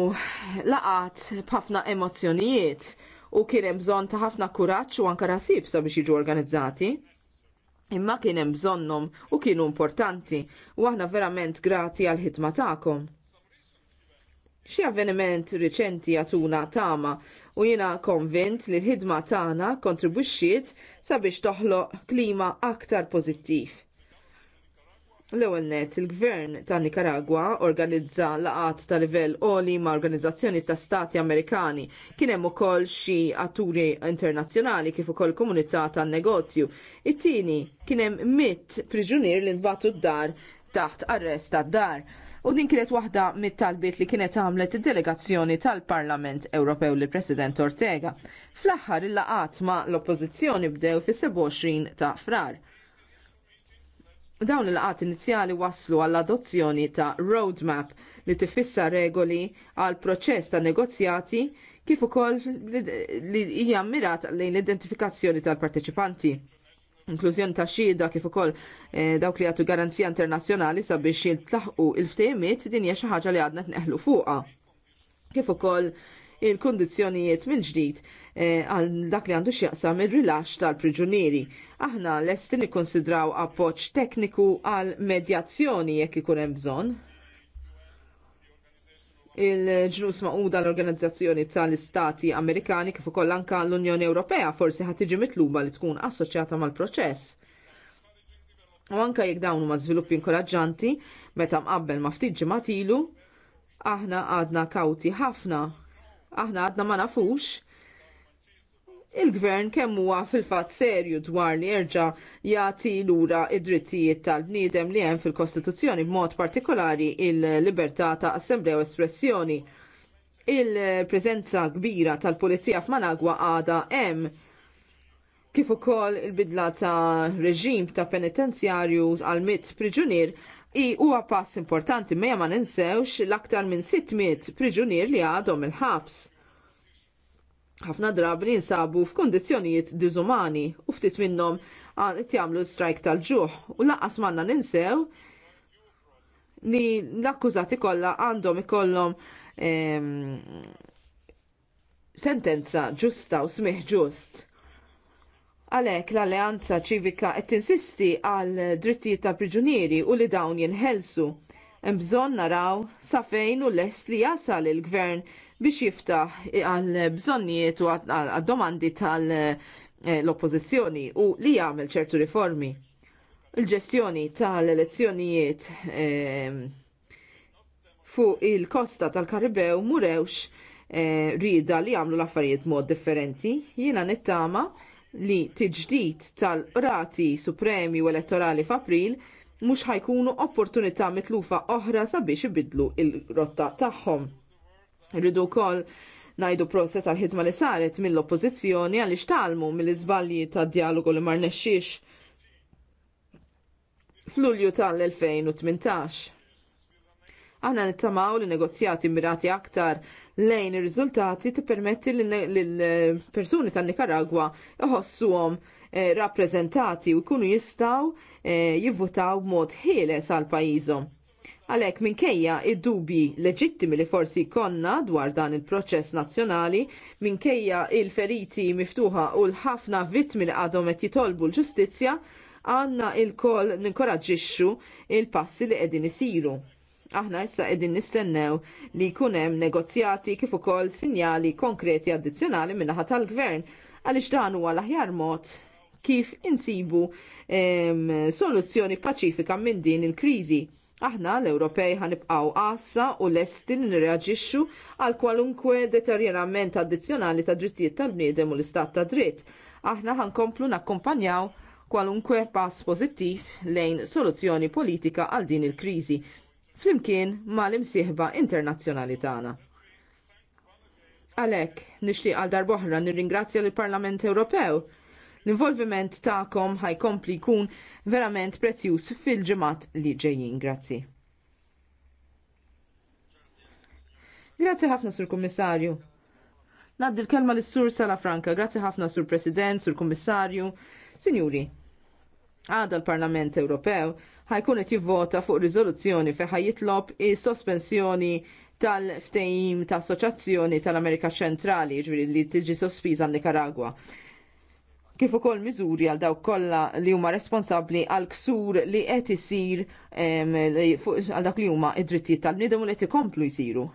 laqat b'ħafna emozjonijiet u kien hemm bżonn ta' ħafna kuraġġ u anke rasib sabiex jiġu organizzati. Imma kien hemm bżonnhom u kienu importanti u aħna verament grati għall ħidma tagħkom. Xi avveniment riċenti għatuna tama u jiena konvint li l-ħidma tagħna kontribwixxiet sabiex toħloq klima aktar pożittiv. L-ewwel nett, il-Gvern ta' Nikaragwa organizza laqat ta' livell oli ma' organizzazzjoni ta' stati Amerikani. Kien hemm ukoll xi atturi internazzjonali kif ukoll komunità tan negozju. It-tieni kien hemm mit priġunier li nbatu d-dar taħt arrest tad dar. U din kienet waħda mit-talbiet li kienet għamlet id-delegazzjoni tal-Parlament Ewropew li President Ortega. Fl-aħħar il-laqat ma' l-oppożizzjoni bdew fis-27 ta' frar. Dawn il-qat inizjali waslu għall-adozzjoni ta' roadmap li tifissa regoli għal proċess ta' negozjati kif ukoll li hija mirat lejn l-identifikazzjoni tal-parteċipanti. Inklużjoni ta' xhieda kif ukoll eh, dawk li għatu garanzija internazzjonali sabiex jiltaħqu il-ftehimiet din hija xi ħaġa li għadna tneħlu fuqha. Kif ukoll il-kondizjonijiet minn ġdid eh, għal dak li għandu x'jaqsam ir-rilax tal-priġunieri. Aħna lesti nikkonsidraw appoġġ tekniku għal medjazzjoni jekk ikun hemm bżonn. Il-ġnus maquda l-Organizzazzjoni tal-Istati Amerikani kif ukoll anka l-Unjoni Ewropea forsi ħad tiġi mitluba li tkun assoċjata mal-proċess. U anka jekk dawn huma żviluppi inkoraġġanti meta mqabbel ma ftit ġimgħat ilu, aħna għadna kawti ħafna aħna għadna ma nafux il-gvern kemm huwa fil-fatt serju dwar li jerġa' jagħti lura id-drittijiet tal-bniedem li hemm fil-Kostituzzjoni b'mod partikolari il-libertà ta' assembleja u espressjoni. Il-preżenza kbira tal-Pulizija f'Managwa għadha hemm kif ukoll il-bidla ta' reġim ta' penitenzjarju għal mit priġunier I huwa pass importanti mejja ma ninsewx l-aktar minn 600 priġunier li għadhom il-ħabs. Ħafna drabi li jinsabu f'kundizzjonijiet diżumani u ftit minnhom qed jagħmlu strajk tal-ġuħ u lanqas manna ninsew li l-akkużati kollha għandhom ikollhom ehm, sentenza ġusta u smih ġust Għalhekk l-Alleanza Ċivika qed tinsisti għal drittijiet tal priġunieri u li dawn jinħelsu. Hemm bżonn naraw sa fejn u lest li jasal il-gvern biex jiftaħ għal bżonnijiet u għad domandi tal-oppożizzjoni eh, u li jagħmel ċertu riformi. Il-ġestjoni tal-elezzjonijiet ehm, fuq il-kosta tal-Karibew murewx eh, rida li jagħmlu l-affarijiet mod differenti. Jiena nittama' li tiġdid tal-rati supremi u elettorali f'April mhux ħajkunu opportunità mitlufa oħra sabiex ibidlu l rotta tagħhom. Irridu wkoll ngħidu proset tal-ħidma li saret mill-oppożizzjoni għaliex talmu mill-iżbalji tad dialogu li ma nexxiex fl-Ulju tal-2018. Aħna nittamaw li negozjati mirati aktar lejn ir-riżultati tippermetti lill-persuni tan-Nikaragwa għom eh, rappreżentati u jkunu jistgħu eh, jivvotaw b'mod ħieles għal pajjiżhom. Għalhekk minkejja id-dubji leġittimi li forsi konna dwar dan il-proċess nazzjonali, minkejja il-feriti miftuħa u l-ħafna vittmi li għadhom qed jitolbu l-ġustizzja, għandna il-koll ninkoraġġixxu il-passi li qegħdin isiru. Aħna issa qegħdin nistennew li jkun hemm negozjati kif ukoll sinjali konkreti addizzjonali min-naħa tal-gvern għaliex dan huwa l-aħjar mod kif insibu soluzzjoni paċifika minn din il-kriżi. Aħna l-Ewropej ħanibqgħu qassa u lesti nirreaġixxu għal kwalunkwe deterjorament addizzjonali ta' drittijiet tal-bniedem u l-istat ta' dritt. Aħna ħankomplu nakkompanjaw kwalunkwe pass pożittiv lejn soluzzjoni politika għal din il-kriżi flimkien mal-imsieħba internazzjonali tagħna. Għalhekk nixtieq għal darboħra nirringrazzja lill parlament Ewropew. L-involviment tagħkom ħajkompli jkun verament prezzjuż fil-ġimgħat li ġejjin. Grazzi. Grazzi ħafna sur Kummissarju. Naddi l-kelma lis sur Sala Franka. Grazzi ħafna sur President, sur Kummissarju. Sinjuri, Għada l-Parlament Ewropew ħajkun qed jivvota fuq riżoluzzjoni fejn ħajjitlob is-sospensjoni tal-ftehim ta' Assoċjazzjoni tal-Amerika Ċentrali, ġifieri li tiġi sospiża Nikaragwa. Kif ukoll miżuri għal dawk kollha li huma responsabbli għal ksur li qed isir għal dak li huma id-drittijiet tal-bniedem u li qed ikomplu jsiru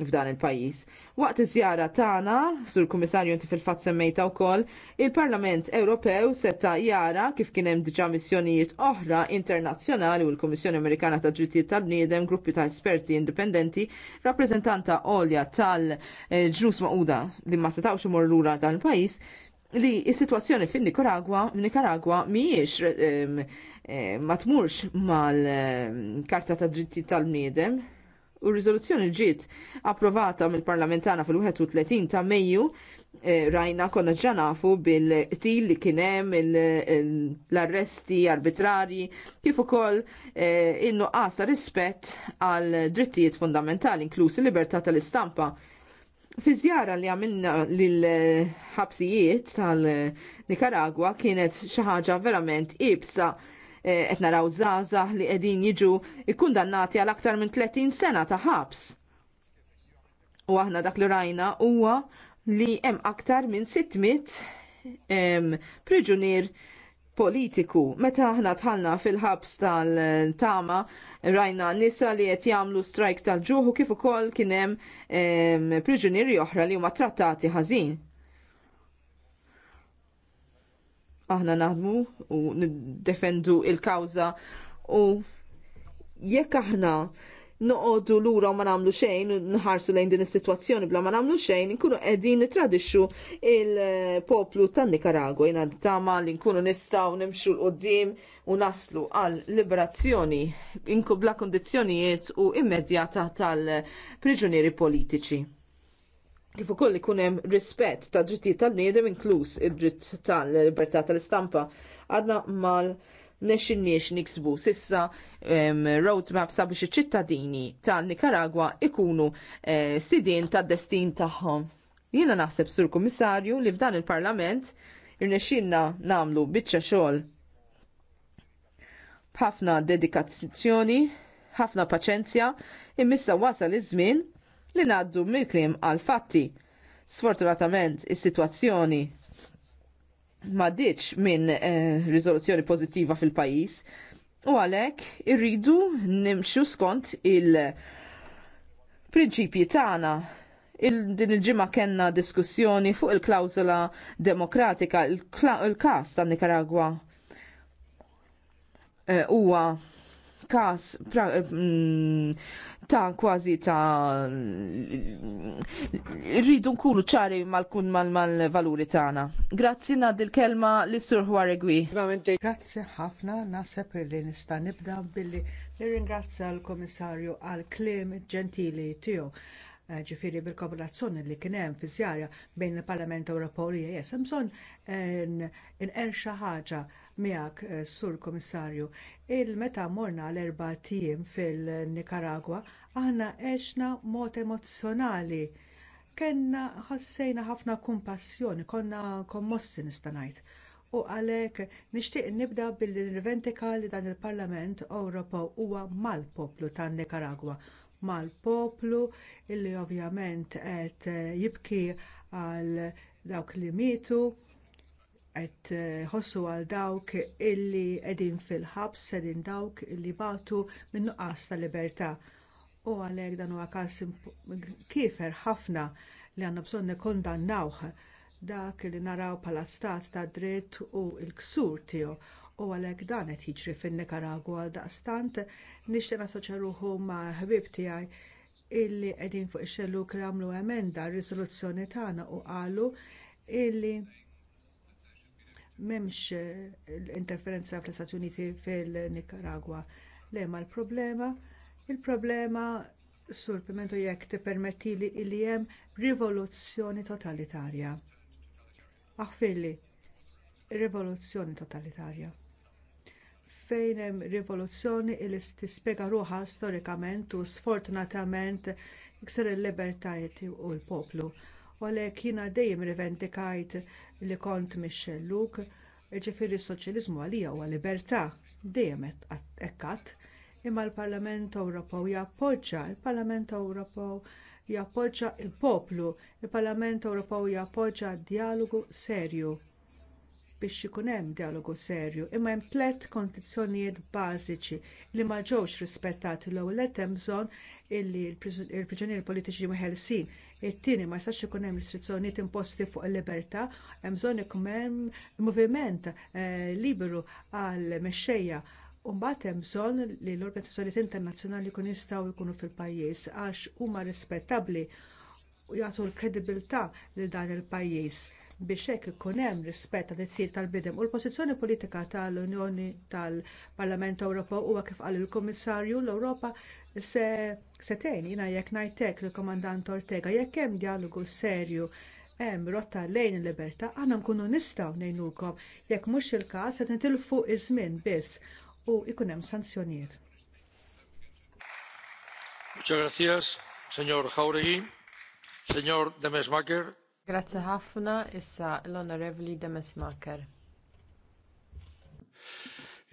f'dan il-pajjiż. Waqt iż-żjara tagħna, sur Kummissarju inti fil-fatt semmejta wkoll, il-Parlament Ewropew seta jara kif kien hemm diġà missjonijiet oħra internazzjonali u l-Kummissjoni Amerikana ta' Drittijiet tal-Bniedem, gruppi ta' esperti indipendenti, rappreżentanta għolja tal-ġnus maquda li ma setawx imur lura dan il-pajjiż, li s-sitwazzjoni fin nikaragwa Nikaragwa mhijiex ehm, ehm, ma tmurx mal-Karta ehm, ta' Drittijiet tal-Bniedem, u r-riżoluzzjoni ġiet approvata mill-parlamentana fil-31 ta' Mejju eh, rajna konna ġanafu bil-qtil li kienem l-arresti arbitrari kif ukoll eh, in-nuqqas rispett għal drittijiet fundamentali inklusi libertà tal-istampa. Fi żjara li għamilna lill-ħabsijiet tal-Nikaragwa kienet xi ħaġa verament ibsa Eh, qed naraw żgħażagħ li qegħdin jiġu ikkundannati għal aktar minn 30 sena ta' ħabs. U aħna dak li rajna huwa li hemm aktar minn 600 priġunier politiku. Meta aħna tħallna fil-ħabs tal-tama, rajna nisa li qed jagħmlu strajk tal-ġuħu kif ukoll kien hemm priġunieri oħra li huma trattati ħażin. aħna naħdmu u niddefendu il-kawza u jekk aħna noqogħdu lura u ma nagħmlu xejn u nħarsu lejn din is-sitwazzjoni bla ma nagħmlu xejn inkunu qegħdin nitradixxu il-poplu tan-Nikaragwa jiena tama li nkunu nistgħu nimxu l qudiem u naslu għal liberazzjoni inku bla kundizzjonijiet u immedjata tal-priġunieri politiċi kif ukoll ikun hemm rispett tad drittijiet tal-bniedem inkluż id-dritt tal-libertà tal-istampa għadna mal nexinniex niksbu sissa roadmap sabiex iċ-ċittadini tan Nikaragwa ikunu eh, sidien tad destin tagħhom. Jiena naħseb sur kummissarju li f'dan il-Parlament irnexxinna namlu biċċa xogħol b'ħafna dedikazzjoni, ħafna paċenzja, immissa wasal iż-żmien li ngħaddu mill-kliem għal fatti. Sfortunatament is-sitwazzjoni ma ditx minn eh, riżoluzzjoni pożittiva fil-pajjiż u għalhekk irridu nimxu skont il-prinċipji tagħna Il din il-ġimma kellna diskussjoni fuq il-klawzola demokratika, il-kas ta' Nicaragua. Eh, huwa e, kas pra, mm, ta' kważi ta' rridu nkunu ċari mal-kun mal-valuri tagħna. Grazzi ngħaddi l-kelma lis sur Juaregwi. Grazzi ħafna naħseb li nista' nibda billi nirringrazzja l-Komissarju għal kliem ġentili tiegħu eh, ġifiri bil-kooperazzjoni li kien hemm fiż-żjara bejn il-Parlament Ewropew li jes hemm bżonn eh, xi ħaġa miegħek eh, sur Komissarju. Il-meta morna l-erba' tim fil-Nikaragwa Aħna għexna mod emozzjonali. Kenna ħassejna ħafna kumpassjoni, konna kommossi nista' ngħid. U għalhekk nixtieq nibda billi nirventika li dan il-Parlament Ewropew huwa mal-poplu tan Nikaragwa, mal-poplu illi ovvjament qed jibki għal dawk li mietu qed ħossu għal dawk illi qegħdin fil-ħabs qegħdin dawk illi batu min-nuqqas ta' libertà u għalhekk dan huwa każ kiefer ħafna li għandna bżonn nikkondannawh dak li naraw bħala stat ta' dritt u l-ksur tiegħu u għalhekk dan qed jiġri fin-Nikaragwa daqstant nixtieq nassoċja ruħu ma' ħbib tiegħi illi qegħdin fuq ix-xellu jagħmlu emenda r-riżoluzzjoni tagħna u qalu illi m'hemmx l-interferenza eh, fl-Istati Uniti fil-Nikaragwa. Le l-problema Il-problema sur Pimento jekk tippermettili li hemm rivoluzzjoni totalitarja. Aħfirli, rivoluzzjoni totalitarja. Fejn hemm rivoluzzjoni li tispjega ruħha storikament u sfortunatament ikser il-libertajiet u l-poplu. U għalhekk jiena dejjem rivendikajt li kont mixxelluk, ġifieri s-soċjaliżmu għalija huwa libertà dejjem hekk imma l-Parlament Ewropew jappoġġa, il-Parlament Ewropew jappoġġa l poplu il-Parlament Ewropew jappoġġa dialogu serju biex ikun hemm dialogu serju, imma hemm tliet kondizzjonijiet bażiċi li ma ġewx rispettati l-ewwel qed hemm bżonn illi l-priġunieri politiċi meħelsin, it-tieni ma jistax ikun hemm restrizzjonijiet imposti fuq il-libertà, hemm bżonn ikun hemm moviment eh, liberu għal mexxejja U mbagħad hemm bżonn li l-organizzazzjonijiet internazzjonali jkun jistgħu jkunu fil-pajjiż għax huma rispettabbli u jagħtu l-kredibilità lil dan il-pajjiż biex hekk ikun hemm rispett għad tal-bidem u l-pożizzjoni politika tal-Unjoni tal-Parlament Ewropew huwa kif qal il-Kummissarju l-Ewropa se se tgħin jiena jekk ngħid hekk lill-Komandant Ortega jekk hemm dijalogu serju hemm rotta lejn il-libertà għandna nkunu nistgħu ngħinukom jekk mhux il-każ se nitilfu iż-żmien biss u jkun hemm sanzjonijiet. Muchas gracias, señor Jauregui. Señor Demesmaker. Grazzi ħafna, issa l-Onorevoli Demesmaker.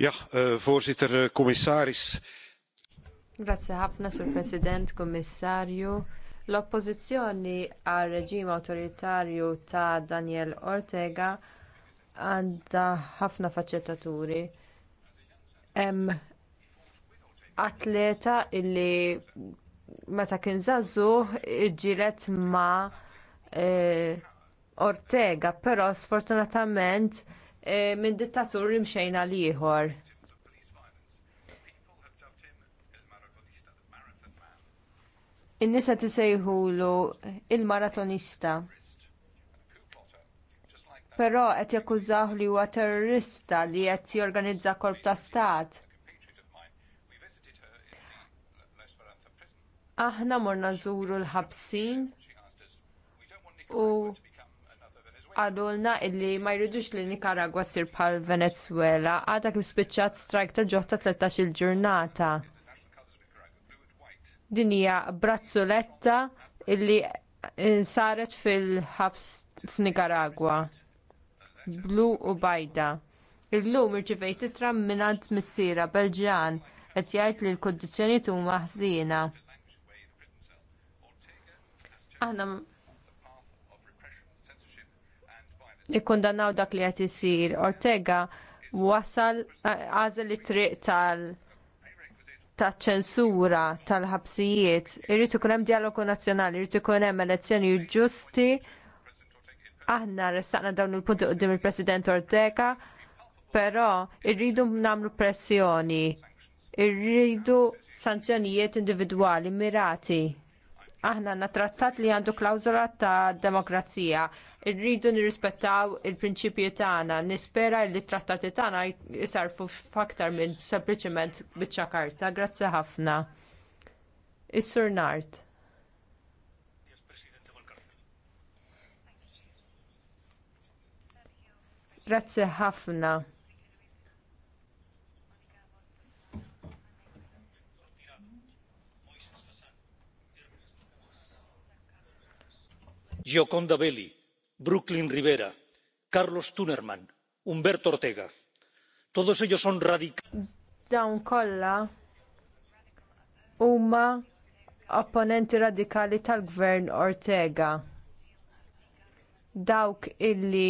Ja, eh, voorzitter, eh, commissaris. Grazie ħafna, Sur President, Kommissarju. L-oppożizzjoni għal reġim autoritarju ta' Daniel Ortega għandha ħafna faċċettaturi hemm atleta illi meta kien żagħżugħ iġġieled ma' e, Ortega, però sfortunatament e, minn dittatur għal ieħor. In-nisa tisejħulu il-maratonista però qed jakkużaw li huwa terrorista li qed jorganizza korp ta' stat. Aħna morna żuru l-ħabsin u għadulna illi ma jridux li Nicaragua ssir bħal Venezuela għadha kif spiċċat strajk ta' ġoħta 13 il ġurnata. Din hija brazzoletta illi eh, saret fil-ħabs f'Nicaragua blu u bajda. Illum irċivejt itra minant missiera Belġan qed jgħid li l-kundizzjonijiet huma ħżiena. Aħna ikkundannaw dak li qed isir. Ortega wasal għażel it-triq tal taċ-ċensura tal-ħabsijiet. Irrid ikun hemm dialogu nazzjonali, irrid ikun hemm elezzjoni ġusti Aħna ressaqna dawn il-punti qudiem il-President Ortega, però irridu nagħmlu pressjoni, irridu sanzjonijiet individwali mirati. Aħna għanna trattat li għandu klawzola ta' demokrazija. Irridu nirrispettaw il-prinċipji tagħna. Nispera li trattati tagħna jisarfu f'aktar minn sempliċement biċċa karta. Grazzi ħafna. Is-Sur Nart. Grazzi ħafna. Gioconda Belli, Brooklyn Rivera, Carlos Tunerman, Umberto Ortega. Todos ellos son radicales. Dawn kollha huma opponenti radikali tal-gvern Ortega. Dawk illi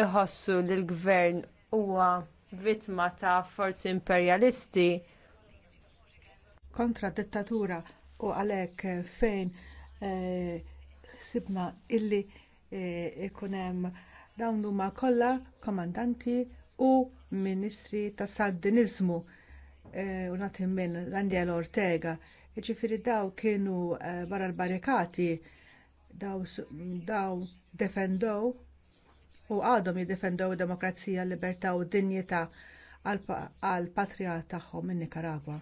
iħossu li l-gvern huwa vittma ta' forzi imperjalisti kontra d dittatura u għalhekk fejn eh, sibna illi eh, ikun hemm dawn huma kollha komandanti u ministri ta' sandiniżmu eh, u nagħti minn Daniel Ortega. Iġifieri daw kienu barra l-barrikati daw, daw defendow u għadhom jiddefendew id-demokrazija, l-libertà u d-dinjità għall patrijat tagħhom in-Nikaragwa.